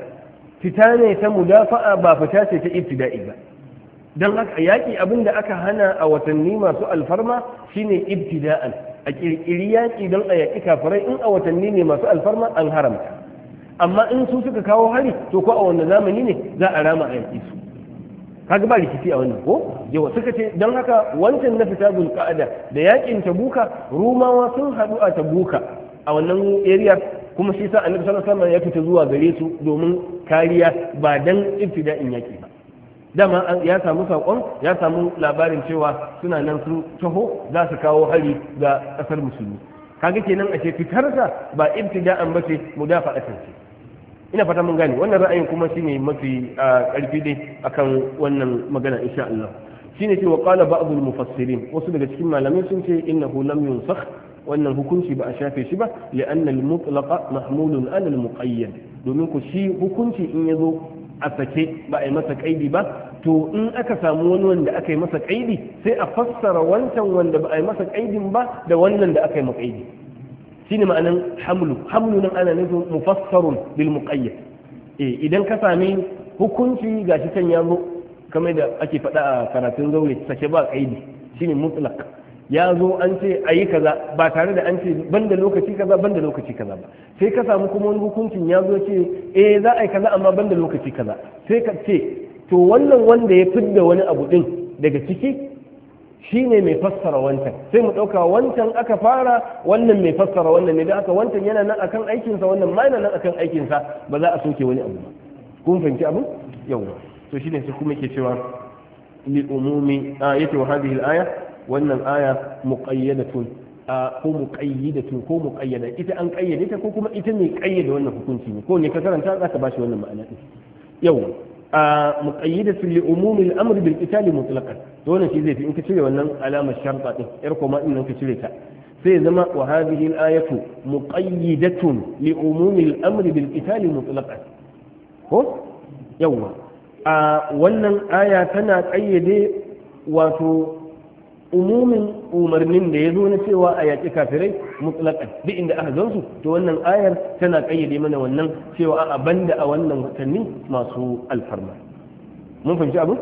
fita ne ta mudafa'a ba fita ce ta ibtida'i ba dan haka yaki abinda aka hana a watanni masu alfarma shine ibtida'an a kirkiri yaƙi don a yaƙi kafirai in a watanni ne masu alfarma an haramta amma in su suka kawo hari to ko a wanda zamani ne za a rama a yaƙi su kaga ba rikici a wannan ko yawa suka ce don haka wancan na fita zulqa'ada da yaƙin tabuka rumawa sun haɗu a tabuka a wannan area kuma shi sa annabi sallallahu alaihi ya fita zuwa gare su domin kariya ba dan ibtida'in yaƙi ba dama ya samu saƙon ya samu labarin cewa suna nan su taho za su kawo hari ga ƙasar musulmi kaga kenan a ce fitarsa ba ibtida'an ba ce dafa a ce ina fata mun gane wannan ra'ayin kuma shine mafi ƙarfi dai akan wannan magana insha Allah shine cewa qala ba'd mufassirin wasu daga cikin malamai sun ce innahu lam yunsakh wannan hukunci ba a shafe shi ba li'anna al-mutlaqa mahmulun ala al-muqayyad domin ku shi hukunci in yazo a sake ba a yi masa kaidi ba to in aka samu wani wanda aka yi masa kaidi sai a fassara wancan wanda ba a yi masa kaidin ba da wannan da aka yi makaidi shine ma'anan hamlu hamlu nan ana nufin mufassarun bil muqayyad eh idan ka sami hukunci gashi kan ya zo kamar da ake faɗa a karatun zaure sake ba kaidi shine mutlaq ya zo an ce a yi kaza ba tare da an ce banda lokaci kaza banda lokaci kaza ba sai ka samu kuma wani hukuncin ya zo ce e za a yi kaza amma banda lokaci kaza sai ka ce to wannan wanda ya fidda wani abu din daga ciki shine mai fassara wancan sai mu ɗauka wancan aka fara wannan mai fassara wannan ne da aka wancan yana nan akan aikinsa wannan ma yana nan akan aikinsa ba za a soke wani abu ba kun fahimci abu yawa to shine sai kuma yake cewa li umumi ayati wa hadhihi al-aya wannan aya muqayyadatun ko muqayyidatun ko muqayyada ita an kayyade ta ko kuma ita ne kayyade wannan hukunci ne ko ne ka karanta za zaka bashi wannan ma'ana din yau a muqayyidatun li umumi al-amr bil qital mutlaqan to wannan shi zai fi in ka cire wannan alamar sharta din yar koma din nan ka cire ta sai zama wa hadhihi al-ayatu muqayyidatun li umumi al-amr bil qital mutlaqan ko yawa a wannan aya tana kayyade wato umumin umarnin da ya zo na cewa a yaƙi kafirai mutlaƙan duk inda aka su to wannan ayar tana ƙayyade mana wannan cewa a banda a wannan watanni masu alfarma mun fahimci abu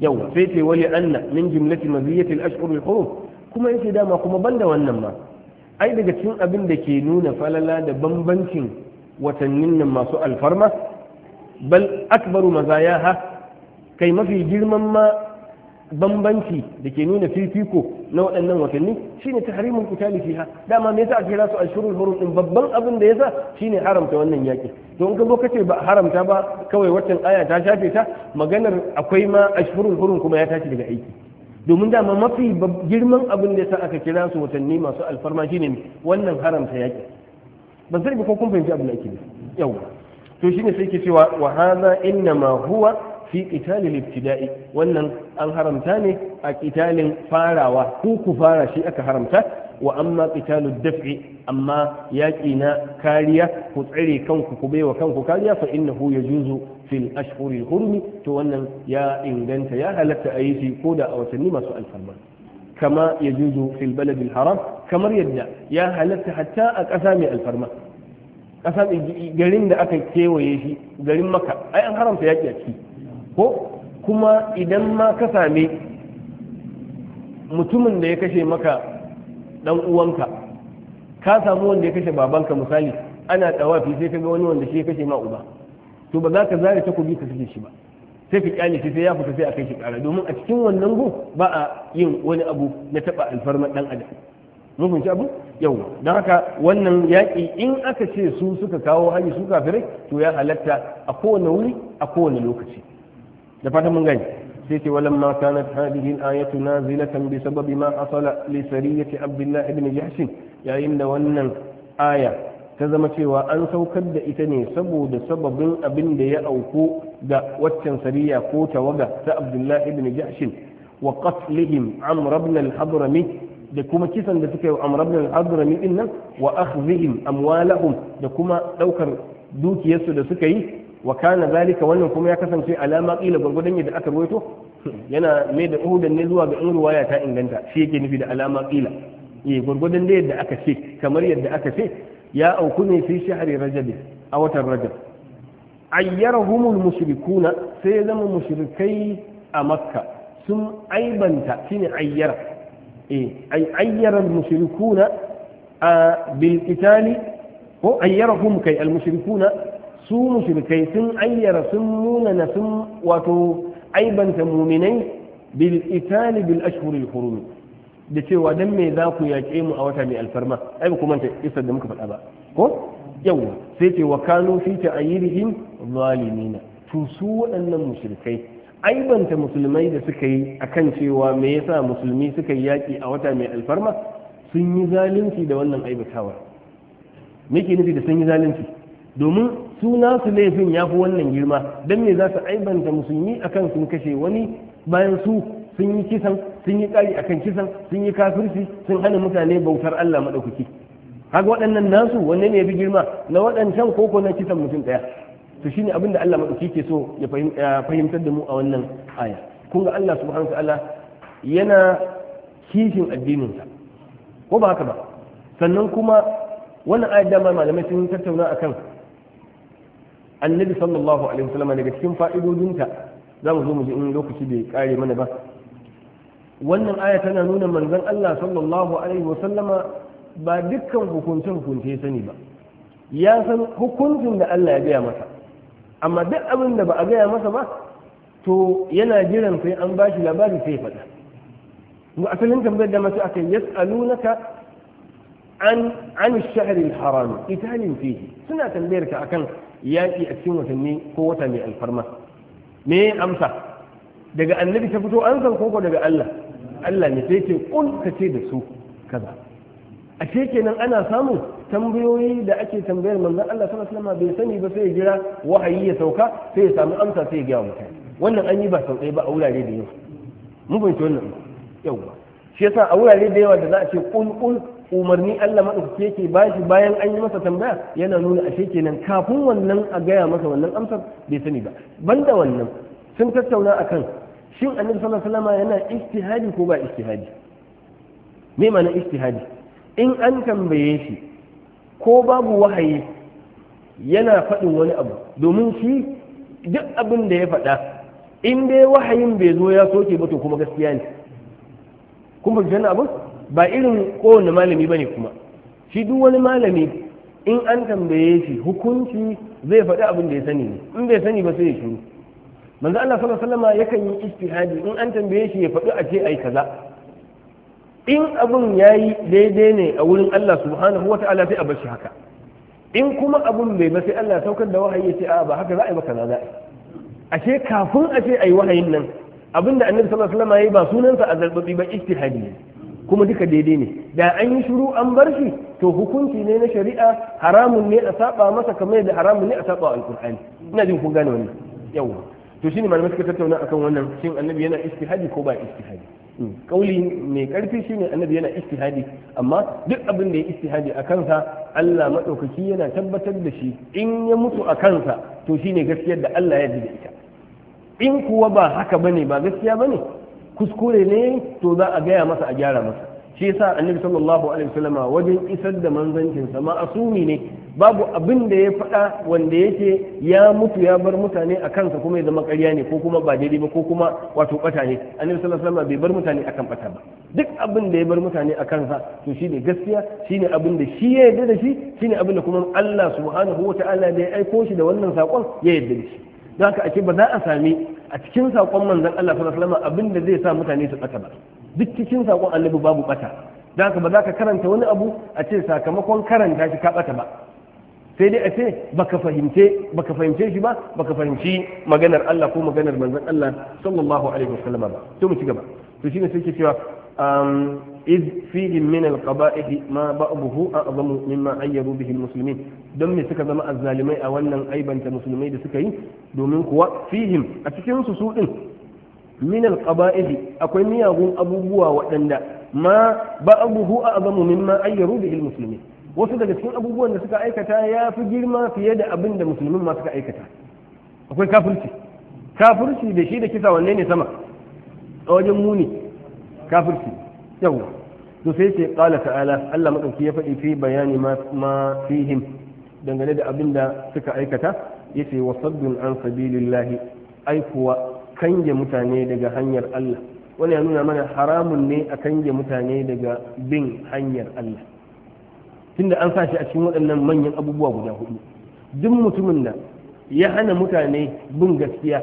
yawa sai ce wali anna min jimlati maziyatil ashhurul hurum kuma yace dama kuma banda wannan ma ai daga cikin abin da ke nuna falala da bambancin watannin nan masu alfarma bal akbaru mazayaha kai mafi girman ma bambanci da ke nuna fifiko na waɗannan watanni shine tahrimul qitali fiha dama me yasa aka kira su ashurul hurum din babban abin da yasa shine haramta wannan yaki to in ka zo kace ba haramta ba kawai watan aya ta shafe ta maganar akwai ma ashurul hurum kuma ya tashi daga aiki domin dama mafi girman abin da yasa aka kira su watanni masu alfarma shine wannan haramta yaki ban sani ba ko kun fahimci abin da ake yawa to shine sai ke cewa wa hadha inna huwa fi qitalil ibtida'i wannan an haramta ne a qitalin farawa ku ku fara shi aka haramta wa amma qitalud daf'i amma yaƙi na kariya ku tsare kanku ku baiwa kanku kariya fa hu yajuzu fil ashhuril hurmi to wannan ya inganta ya halatta a yi shi ko da a watanni masu alfarma kama yajuzu fil baladil haram kamar yadda ya halatta hatta a ƙasa mai alfarma ƙasa garin da aka kewaye shi garin maka ai an haramta yaƙi a ciki ko kuma idan ma ka same mutumin da ya kashe maka dan uwanka ka samu wanda ya kashe babanka misali ana tawafi sai ka ga wani wanda shi ya kashe ma uba to ba za ka zare takobi ka kashe shi ba sai ka kyale shi sai ya fita sai a kai shi kara domin a cikin wannan go ba a yin wani abu na taba alfarma dan adam mun kunci abu yau. don haka wannan yaƙi in aka ce su suka kawo hari su kafirai to ya halatta a kowane wuri a kowane lokaci da fatan mun gani sai ce walam ma kanat hadhihi al-ayatu nazilatan bi sababi ma asala li sariyati abdullah ibn jahsh yayin da wannan aya ta zama cewa an saukar da ita ne saboda sababin abin da ya auku ga waccan sariya ko tawaga ta abdullah ibn jahsh wa qatlihim amr ibn al-hadrami da kuma kisan da suka yi wa amr ibn al-hadrami din nan wa akhdhihim amwalahum da kuma daukar dukiyarsu da suka yi wa kana zalika wannan kuma ya kasance alama kila gurgudan yadda aka ruwaito yana mai da uhudan ne zuwa ga in ruwaya ta inganta shi yake nufi da alama kila eh gurgudan da yadda aka ce kamar yadda aka ce ya auku ne fi shahri rajab a watan rajab ayyarahumul mushrikuna sai zama mushrikai a makka sun aibanta shine ayyara eh ay ayyara mushrikuna bil qitali ko ayyarahum kai al mushrikuna su mushrikai sun ayyara sun munana sun wato aibanta muminai bil itali bil ashhuril hurum da cewa dan me za ku yaƙe mu a wata mai alfarma ai ba manta isar da muka faɗa ba ko yau sai ce wa kanu fi ta'ayyirihim zalimina to su waɗannan mushrikai aibanta musulmai da suka yi akan cewa me yasa musulmi suka yi yaƙi a wata mai alfarma sun yi zalunci da wannan aibatawar me ke nufi da sun yi zalunci domin su nasu laifin ya fi wannan girma don me za su aibanta musulmi akan sun kashe wani bayan su sun yi kisan sun yi ƙari akan kisan sun yi kafirci sun hana mutane bautar Allah maɗaukaki haka waɗannan nasu wanne ne ya girma na waɗancan koko na kisan mutum ɗaya to shine abin da Allah maɗaukaki ke so ya fahimtar da mu a wannan aya kun ga Allah subhanahu wa ta'ala yana kishin addininsa ko ba haka ba sannan kuma wannan ayat malamai sun tattauna akan annabi sallallahu alaihi wasallam daga cikin fa'idodinta za mu zo mu ji in lokaci bai kare mana ba wannan aya tana nuna manzon Allah sallallahu alaihi wasallama ba dukkan hukunce ya sani ba ya san hukuncin da Allah ya gaya masa amma duk abin da ba a gaya masa ba to yana jiran sai an bashi labari sai faɗa mu asalin tambayar da masu aka yas'alunaka an an shahr haram qitalin fihi suna tambayar ka akan yaƙi a cikin watanni ko wata mai alfarma me amsa daga annabi ta fito an san koko daga Allah Allah ne sai ce kun ka ce da su kaza a ce kenan ana samun tambayoyi da ake tambayar manzon Allah sallallahu alaihi wasallam bai sani ba sai ya jira wahayi ya sauka sai ya samu amsa sai ya ga mutane wannan an yi ba sau ba a wurare da yawa mun fahimci wannan yawa shi yasa a wurare da yawa da za a ce kun kun umarni Allah maɗaukaki yake ba shi bayan an yi masa tambaya yana nuna a ashe nan kafin wannan a gaya masa wannan amsar bai sani ba banda wannan sun tattauna akan shin annabi sallallahu alaihi wasallam yana ijtihadi ko ba ijtihadi me ma'ana ijtihadi in an tambaye shi ko babu wahayi yana faɗin wani abu domin shi duk abin da ya faɗa in dai wahayin bai zo ya soke ba to kuma gaskiya ne kun fahimci abu ba irin kowane malami bane kuma shi duk wani malami in an tambaye shi hukunci zai faɗi abin da ya sani ne in bai sani ba sai ya shiru manzo Allah sallallahu alaihi wasallam yakan yi istihadi in an tambaye shi ya faɗi a ce ai kaza in abun yayi daidai ne a wurin Allah subhanahu wata'ala sai a bar shi haka in kuma abun bai ba sai Allah saukar da wahayi ya ce a ba haka za a yi ba kaza za a yi ashe kafin a ce ai wahayin nan abinda annabi sallallahu alaihi wasallam yayi ba sunansa a zarbabi ba istihadi ne kuma duka daidai ne da an yi shiru an bar shi to hukunci ne na shari'a haramun ne a saba masa kamar da haramun ne a saba wa alkur'ani ina jin kun gane wannan yawa to shine malamai suka tattauna akan wannan shin annabi yana istihadi ko ba istihadi hmm. kauli mai karfi shine annabi yana istihadi amma duk abin da ya istihadi a kansa Allah madaukaki yana tabbatar da shi in ya mutu a kansa to shine gaskiyar da Allah ya ji da ita in kuwa ba haka bane ba gaskiya bane kuskure ne to za a gaya masa a gyara masa shi yasa annabi sallallahu alaihi wasallam wajen isar da manzancin sa asumi ne babu abin da ya faɗa wanda yake ya mutu ya bar mutane a kansa kuma ya zama ƙarya ne ko kuma ba daidai ba ko kuma wato ɓata ne annabi sallallahu alaihi wasallam bai bar mutane akan ɓata ba duk abin da ya bar mutane a kansa to shine gaskiya shine abin da shi ya yarda da shi shine abin da kuma Allah subhanahu wataala da ya aiko shi da wannan sakon ya yarda da shi don haka ake ba za a sami a cikin saƙon manzon Allah sallallahu alaihi wasallam abin da zai sa mutane su bata ba duk cikin saƙon annabi babu bata da haka ba za ka karanta wani abu a ce sakamakon karanta shi ka bata ba sai dai a ce baka fahimce baka fahimce shi ba baka fahimci maganar Allah ko maganar manzon Allah sallallahu alaihi wasallam ba to mu ci gaba to shine sai ke cewa um, iz fihim min alqaba'ih ma ba'dahu a'zamu mimma ayyaru bihi almuslimin don me suka zama azzalimai a wannan aibanta musulmai da suka yi domin kuwa fihim a cikin su su din akwai miyagun abubuwa waɗanda ma ba'dahu a'zamu mimma ayyaru bihi almuslimin wasu daga cikin abubuwan da suka aikata ya fi girma fiye da abin da musulmin ma suka aikata akwai kafirci kafirci da shi da kisa wanne ne sama a wajen muni kafirci yawa to sai ce qala ta'ala Allah madauki ya faɗi fi bayani ma ma fihim dangane da abin da suka aikata yace wa saddun an sabilillahi ai kuwa kange mutane daga hanyar Allah wani ya nuna mana haramun ne a kange mutane daga bin hanyar Allah tunda an sa shi a cikin waɗannan manyan abubuwa guda hudu duk mutumin da ya hana mutane bin gaskiya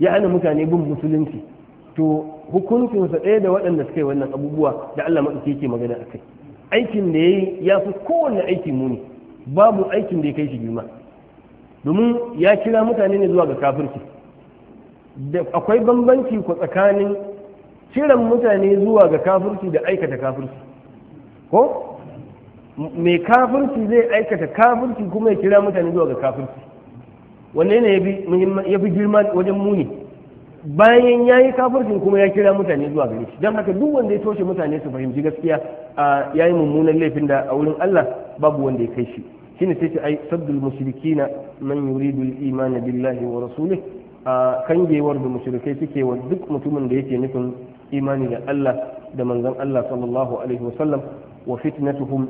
ya hana mutane bin musulunci to hukuncinsa ɗaya da waɗanda suka wannan abubuwa da Allah maɗauki yake magana a kai aikin da ya yi ya fi kowane aiki muni babu aikin da ya kai shi girma domin ya kira mutane ne zuwa ga kafirci da akwai bambanci ku tsakanin kiran mutane zuwa ga kafirci da aikata kafirci ko mai kafirci zai aikata kafirci kuma ya kira mutane zuwa ga kafirci wanne ne ya fi girma wajen muni bayan ya yi kafircin kuma ya kira mutane zuwa gare shi don haka duk wanda ya toshe mutane su fahimci gaskiya ya yi mummunan laifin da a wurin Allah babu wanda ya kai shi shine sai ce ai sabdul na man yuridu al-iman billahi wa rasulih kangewar da mushrikai suke wa duk mutumin da yake nufin imani da Allah da manzon Allah sallallahu alaihi wasallam wa fitnatuhum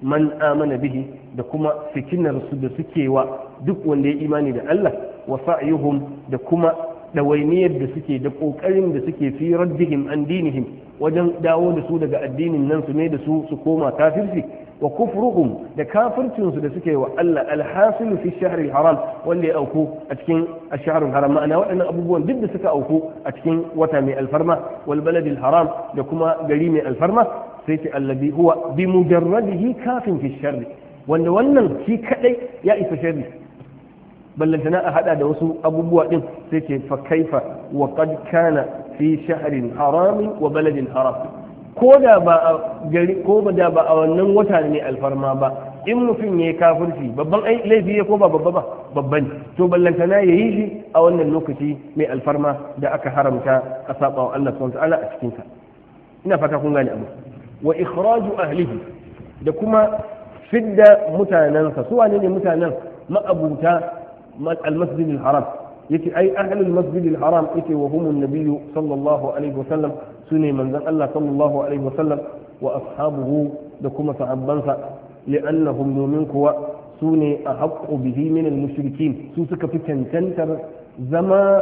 man amana bihi da kuma fitinar su da suke wa duk wanda ya imani da Allah wa sa'yuhum da kuma ɗawainiyar da suke da ƙoƙarin da suke fi raddihim an dinihim wajen dawo da su daga addinin nan su ne da su su koma kafirci wa kufruhum da kafircinsu da suke wa Allah alhasilu fi shahril haram wanda ya auku a cikin asharul haram ma'ana waɗannan abubuwan duk da suka auku a cikin wata mai alfarma wal baladil haram da kuma gari mai alfarma sai ce allazi huwa bi mujarradihi kafin fi sharri wanda wannan shi kadai ya isa sharri ballantana a hada da wasu abubuwa din sai ce fa kaifa wa qad kana fi shahrin haramin wa baladin haram ko da ba a gari ko da ba a wannan wata ne alfarma ba in mutum ya yi kafirci babban laifi ya ko ba babba ba babban to ballantana ya yi shi a wannan lokaci mai alfarma da aka haramta a saba Allah subhanahu ta'ala a cikin sa ina fata kun gane abu wa ikhraju ahlihi da kuma fidda mutanansa su wane ne mutanen ma'abuta المسجد الحرام yace ai ahlul masjidil haram yace wa humun nabiyyu sallallahu alaihi wasallam sune manzon Allah sallallahu alaihi wasallam wa ashabuhu da kuma sahabbansa li'annahum domin kuwa sune a haqqu bihi min mushrikin su suka fi cancantar zama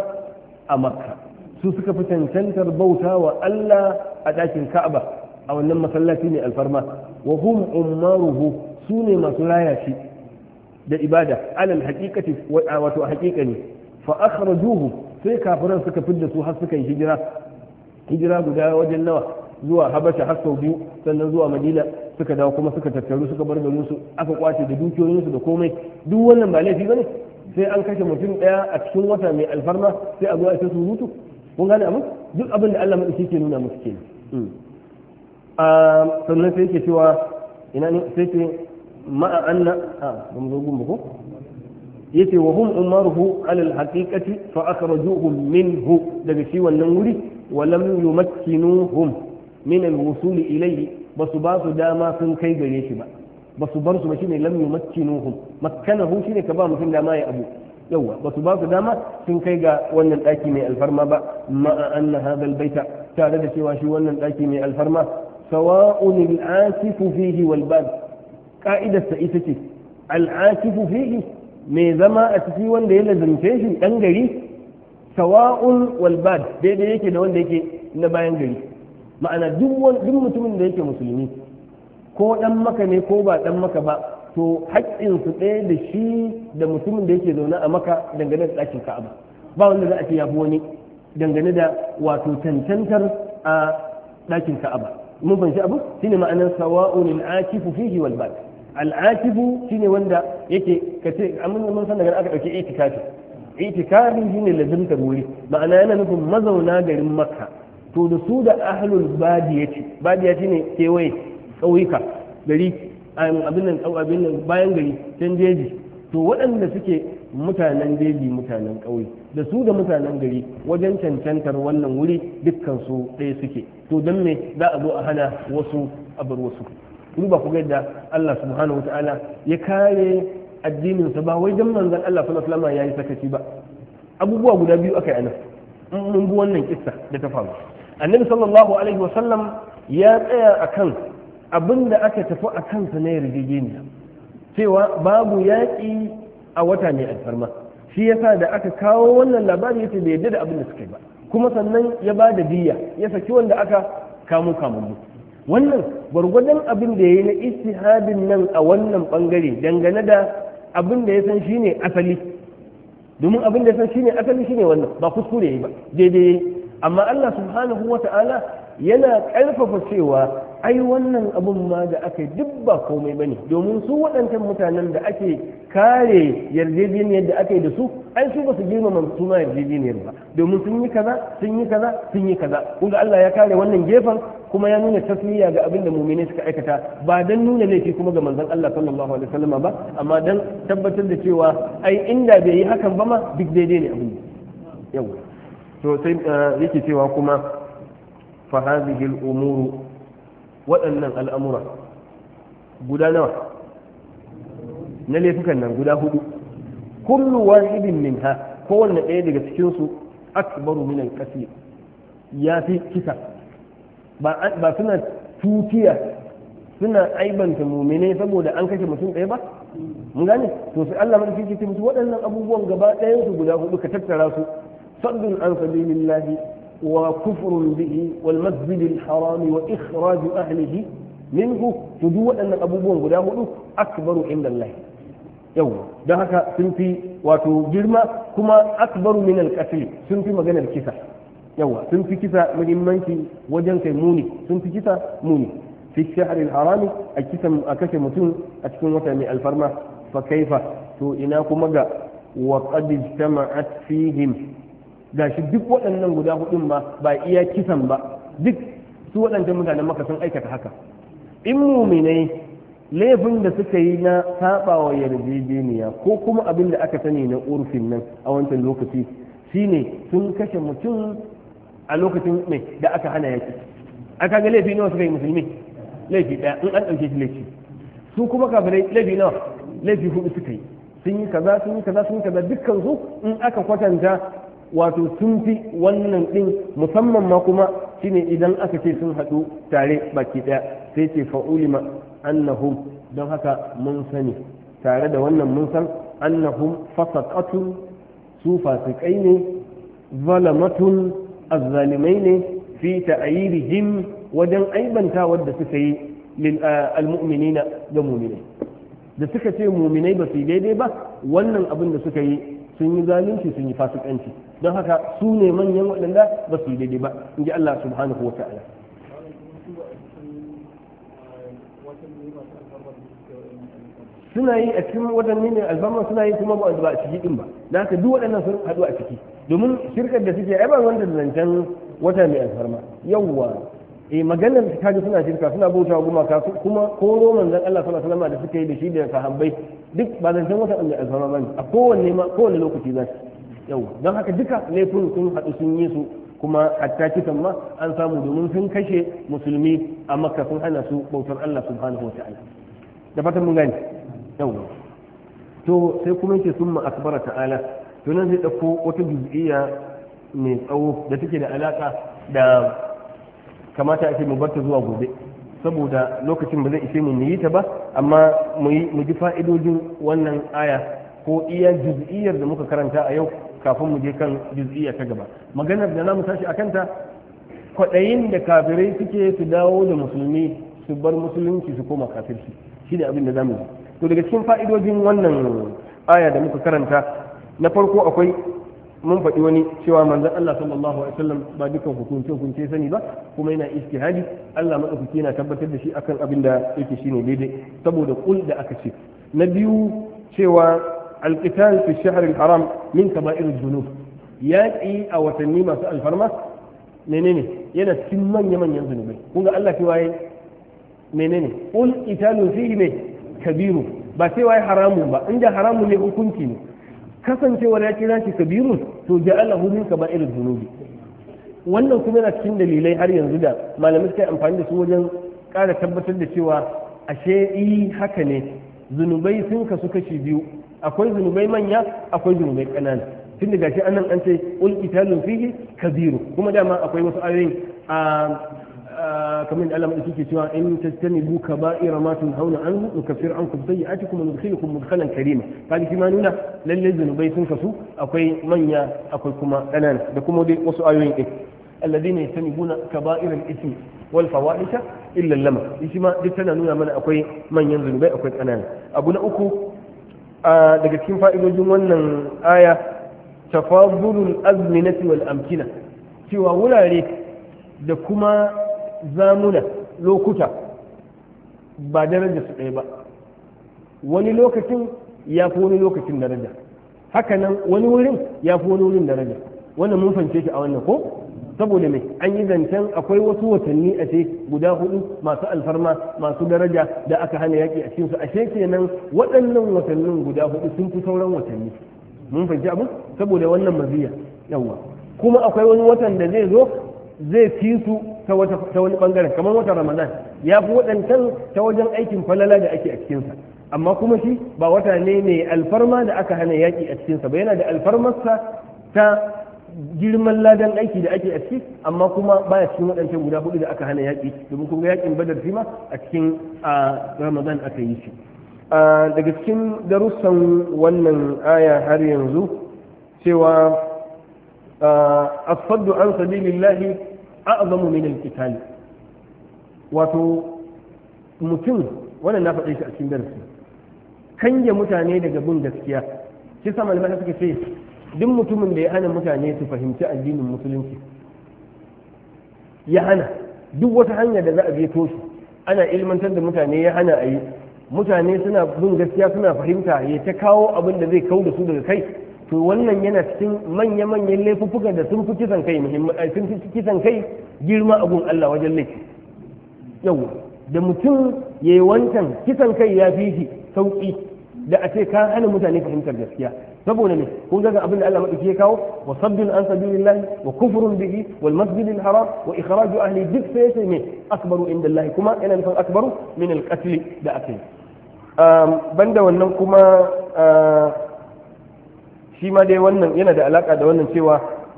a makka su suka fi cancantar bauta wa Allah a dakin ka'aba a wannan masallaci alfarma wa sune masu shi da ibada alal haqiqati wato haqiqa ne fa akhrajuhu sai kafiran suka fidda su har suka yi hijira hijira guda wajen nawa zuwa habasha har sau biyu sannan zuwa madina suka dawo kuma suka tattaru suka bar garin su aka kwace da dukiyoyinsu da komai duk wannan ba laifi bane sai an kashe mutum daya a cikin wata mai alfarma sai a zo a su hutu kun gane abin duk abin da Allah madauki ke nuna musu kenan hmm. ah, sannan sai ke cewa ina ne sai ke مع أن آه، يتي وهم أمره على الحقيقة فأخرجوهم منه دبسي والنوري ولم يمكنوهم من الوصول إليه بس باسو داما سن كي بيشبا بس برسو بشيني لم يمكنوهم مكنه شيني كبا مثل داما يا أبو يوا بس باسو داما سن كي غا ونن تاكي الفرما با مع أن هذا البيت تاردت واشي ونن تاكي الفرما سواء العاسف فيه والباد ka'idarsa ita ce al'akifu fihi mai zama a ciki wanda ya lazumce shi ɗan gari sawa'un walbad daidai yake da wanda yake na bayan gari ma'ana duk mutumin da yake musulmi ko ɗan maka ne ko ba ɗan maka ba to su ɗaya da shi da mutumin da yake zaune a maka dangane da ɗakin ka'aba ba wanda za a ce ya fi wani dangane da wato cancantar a ɗakin ka'aba mun fahimci abu shine ma'anar sawa'un al fihi wal bad al'atifu shine wanda yake kace amma mun san daga aka dauke itikafi itikafi shine lazimtar wuri ma'ana yana nufin mazauna garin makka to da su da ahlul badiyati badiyati ne kewaye ƙauyuka gari abin nan abin nan bayan gari can jeji to waɗanda suke mutanen jeji mutanen ƙauye da su da mutanen gari wajen cancantar wannan wuri dukkan su ɗaya suke to don me za a zo a hana wasu abar wasu ku ba ku ga yadda Allah subhanahu Ta'ala ya kare addinin sa ba wai dan manzon Allah sallallahu alaihi wasallam yayi sakaci ba abubuwa guda biyu akai anan mun bi wannan kissa da ta faru annabi sallallahu alaihi wasallam ya tsaya akan abinda aka tafi akan sa na yarjejeniya cewa babu yaƙi a wata ne alfarma shi yasa da aka kawo wannan labari yace bai yadda da abin da suka yi ba kuma sannan ya ba da diyya ya saki wanda aka kamo kamun wannan gwargwadon abin da ya yi na istihadin nan a wannan bangare dangane da abin da ya san shine asali domin abin da ya san shine asali shi ne wannan ba kuskure ya yi ba daidai amma Allah subhanahu wa ta'ala yana ƙarfafa cewa ai wannan abun ma da aka duk ba komai bane domin su waɗancan mutanen da ake kare yarjejeniyar da aka yi da su ai su ba su girmama su yarjejeniyar ba domin sun yi kaza sun yi kaza sun yi kaza kuma Allah ya kare wannan gefen kuma ya nuna tasmiya ga abin da muminai suka aikata ba dan nuna laifi kuma ga manzon Allah sallallahu alaihi wasallam ba amma dan tabbatar da cewa ai inda bai yi hakan ba ma duk daidai ne abin yau to sai eh, yake cewa kuma fa hadhihi al-umuru waɗannan al'amura guda nawa na laifukan nan guda hudu kullu wahidin ha kowanne ɗaya daga cikinsu akbaru minan al ya fi kisa ba suna tutiya suna aibanta mumine saboda an kashe mutum ɗaya ba mun gane to sai Allah madaukakin sarki musu waɗannan abubuwan gaba ɗayan su guda hudu ka tattara su saddun an sabilillahi وكفر به والمسجد الحرام وإخراج أهله منه تدوى أن أبو أبوبون غلامه أكبر عند الله يوم ده هكا سنتي واتو جرما كما أكبر من الكثير سنتي مغنى الكسا يوم سنفي كسا مهمانكي وجنك موني سنتي كسا موني في الشهر الحرام أكسا أكسا متون أتكون وتامي الفرما فكيف تو إناكم مغا وقد اجتمعت فيهم gashi duk waɗannan guda hudun ba, ba iya kisan ba duk su waɗancan mutanen maka sun aikata haka in muminai laifin da suka yi na saba wa yarjejeniya ko kuma abin da aka sani na urfin nan a wancan lokaci shine sun kashe mutum a lokacin mai da aka hana yaki aka ga laifi nawa suka yi musulmi laifi ɗaya in an ɗauke shi laifi su kuma kafirai laifi nawa laifi hudu suka yi sun yi kaza sun yi kaza sun yi kaza dukkan su in aka kwatanta wato sun fi wannan ɗin musamman ma kuma shine idan aka ce sun haɗu tare baki ɗaya sai ce fa'ulima annahum don haka mun sani tare da wannan mun san annahum fasaqatun su fasikai ne zalamatun azzalimai ne fi ta'ayirihim wajen aibanta wadda suka yi lil almu'minina ga mu'minai da suka ce mu'minai ba su daidai ba wannan abin da suka yi sun yi zalunci sun yi fasikanci don haka su ne manyan waɗanda ba su daidai ba in ji Allah subhanahu wa ta'ala suna yi a cikin waɗanne ne alfarma suna yi kuma ba a ciki din ba da haka duk waɗannan sun haɗu a ciki domin shirkar da suke ai ba wanda da zancen wata mai alfarma yawwa e maganar su kaji suna shirka suna bauta gumaka kuma koro manzon Allah sallallahu alaihi wasallam da suka yi da shi da sahabbai duk ba zancen wata Allah ya bane a kowanne ma kowanne lokaci za yau don haka duka laifin sun haɗu sun yi su kuma hatta kisan ma an samu domin sun kashe musulmi a makka sun hana su bautar Allah subhanahu wa ta'ala da fatan mun gani yau to sai kuma yake summa akbara ta'ala to nan zai dauko wata juz'iyya mai tsawo da take da alaka da kamata a ce mu barta zuwa gobe saboda lokacin ba zai ishe mu mu yi ta ba amma mu ji fa'idojin wannan aya ko iya juz'iyyar da muka karanta a yau kafin mu je kan juz'iyya ta gaba maganar da namu tashi a kanta kwaɗayin da kafirai suke su dawo da musulmi su bar musulunci su koma kafirci shi ne abin da za mu yi to daga cikin fa'idojin wannan aya da muka karanta na farko akwai mun faɗi wani cewa manzon Allah sallallahu alaihi wasallam ba dukan hukunce hukunce sani ba kuma yana istihadi. Allah madaukaki yana tabbatar da shi akan abin da yake shine daidai saboda kul da aka ce na biyu cewa alqital fi shahr haram min kaba'ir dhunub yaqi a watanni masu alfarma menene yana cikin manya manyan zunubai kun ga Allah cewa yayi menene kul qitalun fihi ne kabiru ba sai waye haramun ba inda haramun ne hukunci ne kasancewar ya kira shi kabirun to ja'alahu min kaba'ir zunubi. wannan kuma yana cikin dalilai har yanzu da malamai suka amfani da su wajen ƙara tabbatar da cewa ashe yi eh, haka ne zunubai sun kasu kashi biyu akwai zunubai manya akwai zunubai ƙanana tun da gashi anan an ce ul qitalun fihi kabiru kuma dama akwai wasu ayoyin a ah, kamar da Allah suke cewa in tastanibu kaba'ira ma tunhauna anhu nukaffir ankum sayyi'atikum wa nudkhilukum mudkhalan karima kaji shi ma nuna lalle zunubai sun kasu akwai manya akwai kuma ƙanana da kuma dai wasu ayoyin din alladhina yastanibuna kaba'ira al-ithmi wal fawahisha illa lama shi ma duk tana nuna mana akwai manyan zunubai akwai ƙanana abu na uku daga cikin fa'idojin wannan aya tafadulul azminati wal amkina cewa wurare da kuma zamuna lokuta ba daraja su ɗaya ba wani lokacin ya fi wani lokacin daraja hakanan wani wurin ya fi wani wurin daraja wannan mun fance shi a wannan ko saboda mai an yi zancen akwai wasu watanni a ce guda hudu masu alfarma masu daraja da aka hana yaƙi a cikinsu ashe kenan waɗannan watannin guda hudu sun fi sauran watanni mun fance abu saboda wannan maziya yawa kuma akwai wani watan da zai zo zai fi su ta wani bangaren kamar watan ramadan ya fi waɗancan ta wajen aikin falala da ake a cikinsa amma kuma shi ba wata ne mai alfarma da aka hana yaƙi a cikinsa ba yana da alfarmarsa ta girman ladan aiki da ake a ciki amma kuma baya cikin waɗancan guda hudu da aka hana yaƙi domin kuma yaƙin badar shi ma a cikin ramadan aka yi shi daga cikin darussan wannan aya har yanzu cewa الصد عن سبيل الله a'zamu min al-qital wato mutum wannan na faɗe shi a cikin darasi ya mutane daga bin gaskiya shi sama malamai suka ce duk mutumin da ya hana mutane su fahimci addinin musulunci ya hana duk wata hanya da za a je toshi ana ilmantar da mutane ya hana a yi mutane suna bin gaskiya suna fahimta ya ta kawo abin da zai kau da su daga kai to wannan yana cikin manya-manyan laifuffukan da sun fi kisan kai eh, sun fi kisan kai girma a gun Allah wajen laifi yau da mutum ya yi wancan kisan kai ya fi shi sauƙi da a ce ka hana mutane fahimtar gaskiya saboda ne kun ga abin da Allah madauki ya kawo wa sabbin an sabilillah wa kufrun bihi wal masjidil haram wa ikhraju ahli duk sai yace me akbaru inda Allah kuma yana nufin akbaru min al qatl da akai banda wannan kuma ah, shi ma dai wannan yana da alaka da wannan cewa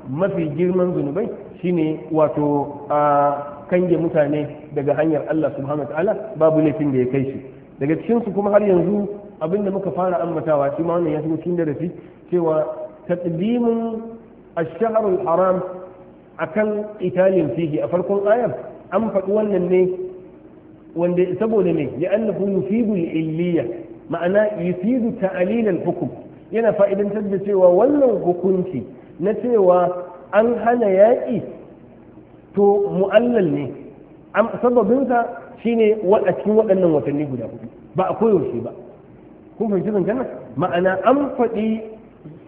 mafi girman zunubai shine wato a kange mutane daga hanyar Allah subhanahu ta'ala babu laifin da ya kai shi daga cikin su kuma har yanzu abinda muka fara ammatawa, shi ma wannan ya shigo cikin darasi cewa taqdimun ash-shahr al-haram akan italin fihi a farkon ayar an faɗi wannan ne wanda saboda ne ya annahu yufidu al-illiyya ma'ana yufidu ta'lil al-hukm yana fa'idantar da cewa wannan hukunci na cewa an hana yaƙi to mu'allal ne sababinsa shine a cikin waɗannan watanni guda hudu ba a koyaushe ba kun fahimci zancen nan ma'ana an faɗi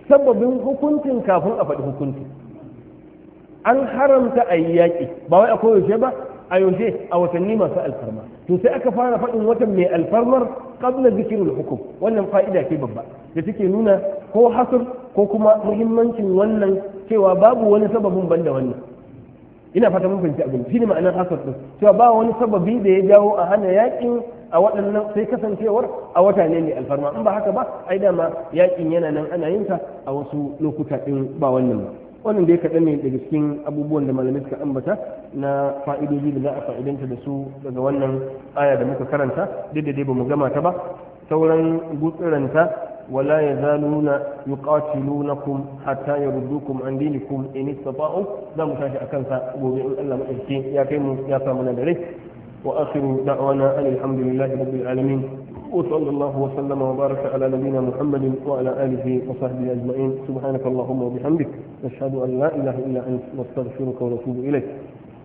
sababin hukuncin kafin a faɗi hukunci an haramta a yi yaƙi ba wai a koyaushe ba a yaushe a watanni masu alfarma to sai aka fara faɗin watan mai alfarmar qabla zikirul hukum wannan fa'ida ke babba da take nuna ko hasur ko kuma muhimmancin wannan cewa babu wani sababin banda wannan ina fata mun fahimci abin shine ma'anar hasur din cewa ba wani sababi da ya jawo a hana yakin a waɗannan sai kasancewar a wata ne ne alfarma in ba haka ba ai dama yakin yana nan ana yin ta a wasu lokuta din ba wannan ba wannan dai kaɗan ne daga cikin abubuwan da malamai suka ambata na fa'idoji da za a fa'idanta da su daga wannan aya da muka karanta duk da dai ba mu gama ta ba sauran gutsuranta ولا يزالون يقاتلونكم حتى يردوكم عن دينكم إن استطاعوا لا مشاشة أكنسا بوضعوا إلا مؤسسين يا كيم يا سامنا دريك وآخر دعوانا أن الحمد لله رب العالمين وصلى الله وسلم وبارك على نبينا محمد وعلى آله وصحبه أجمعين سبحانك اللهم وبحمدك نشهد أن لا إله إلا أنت نستغفرك ونتوب إليك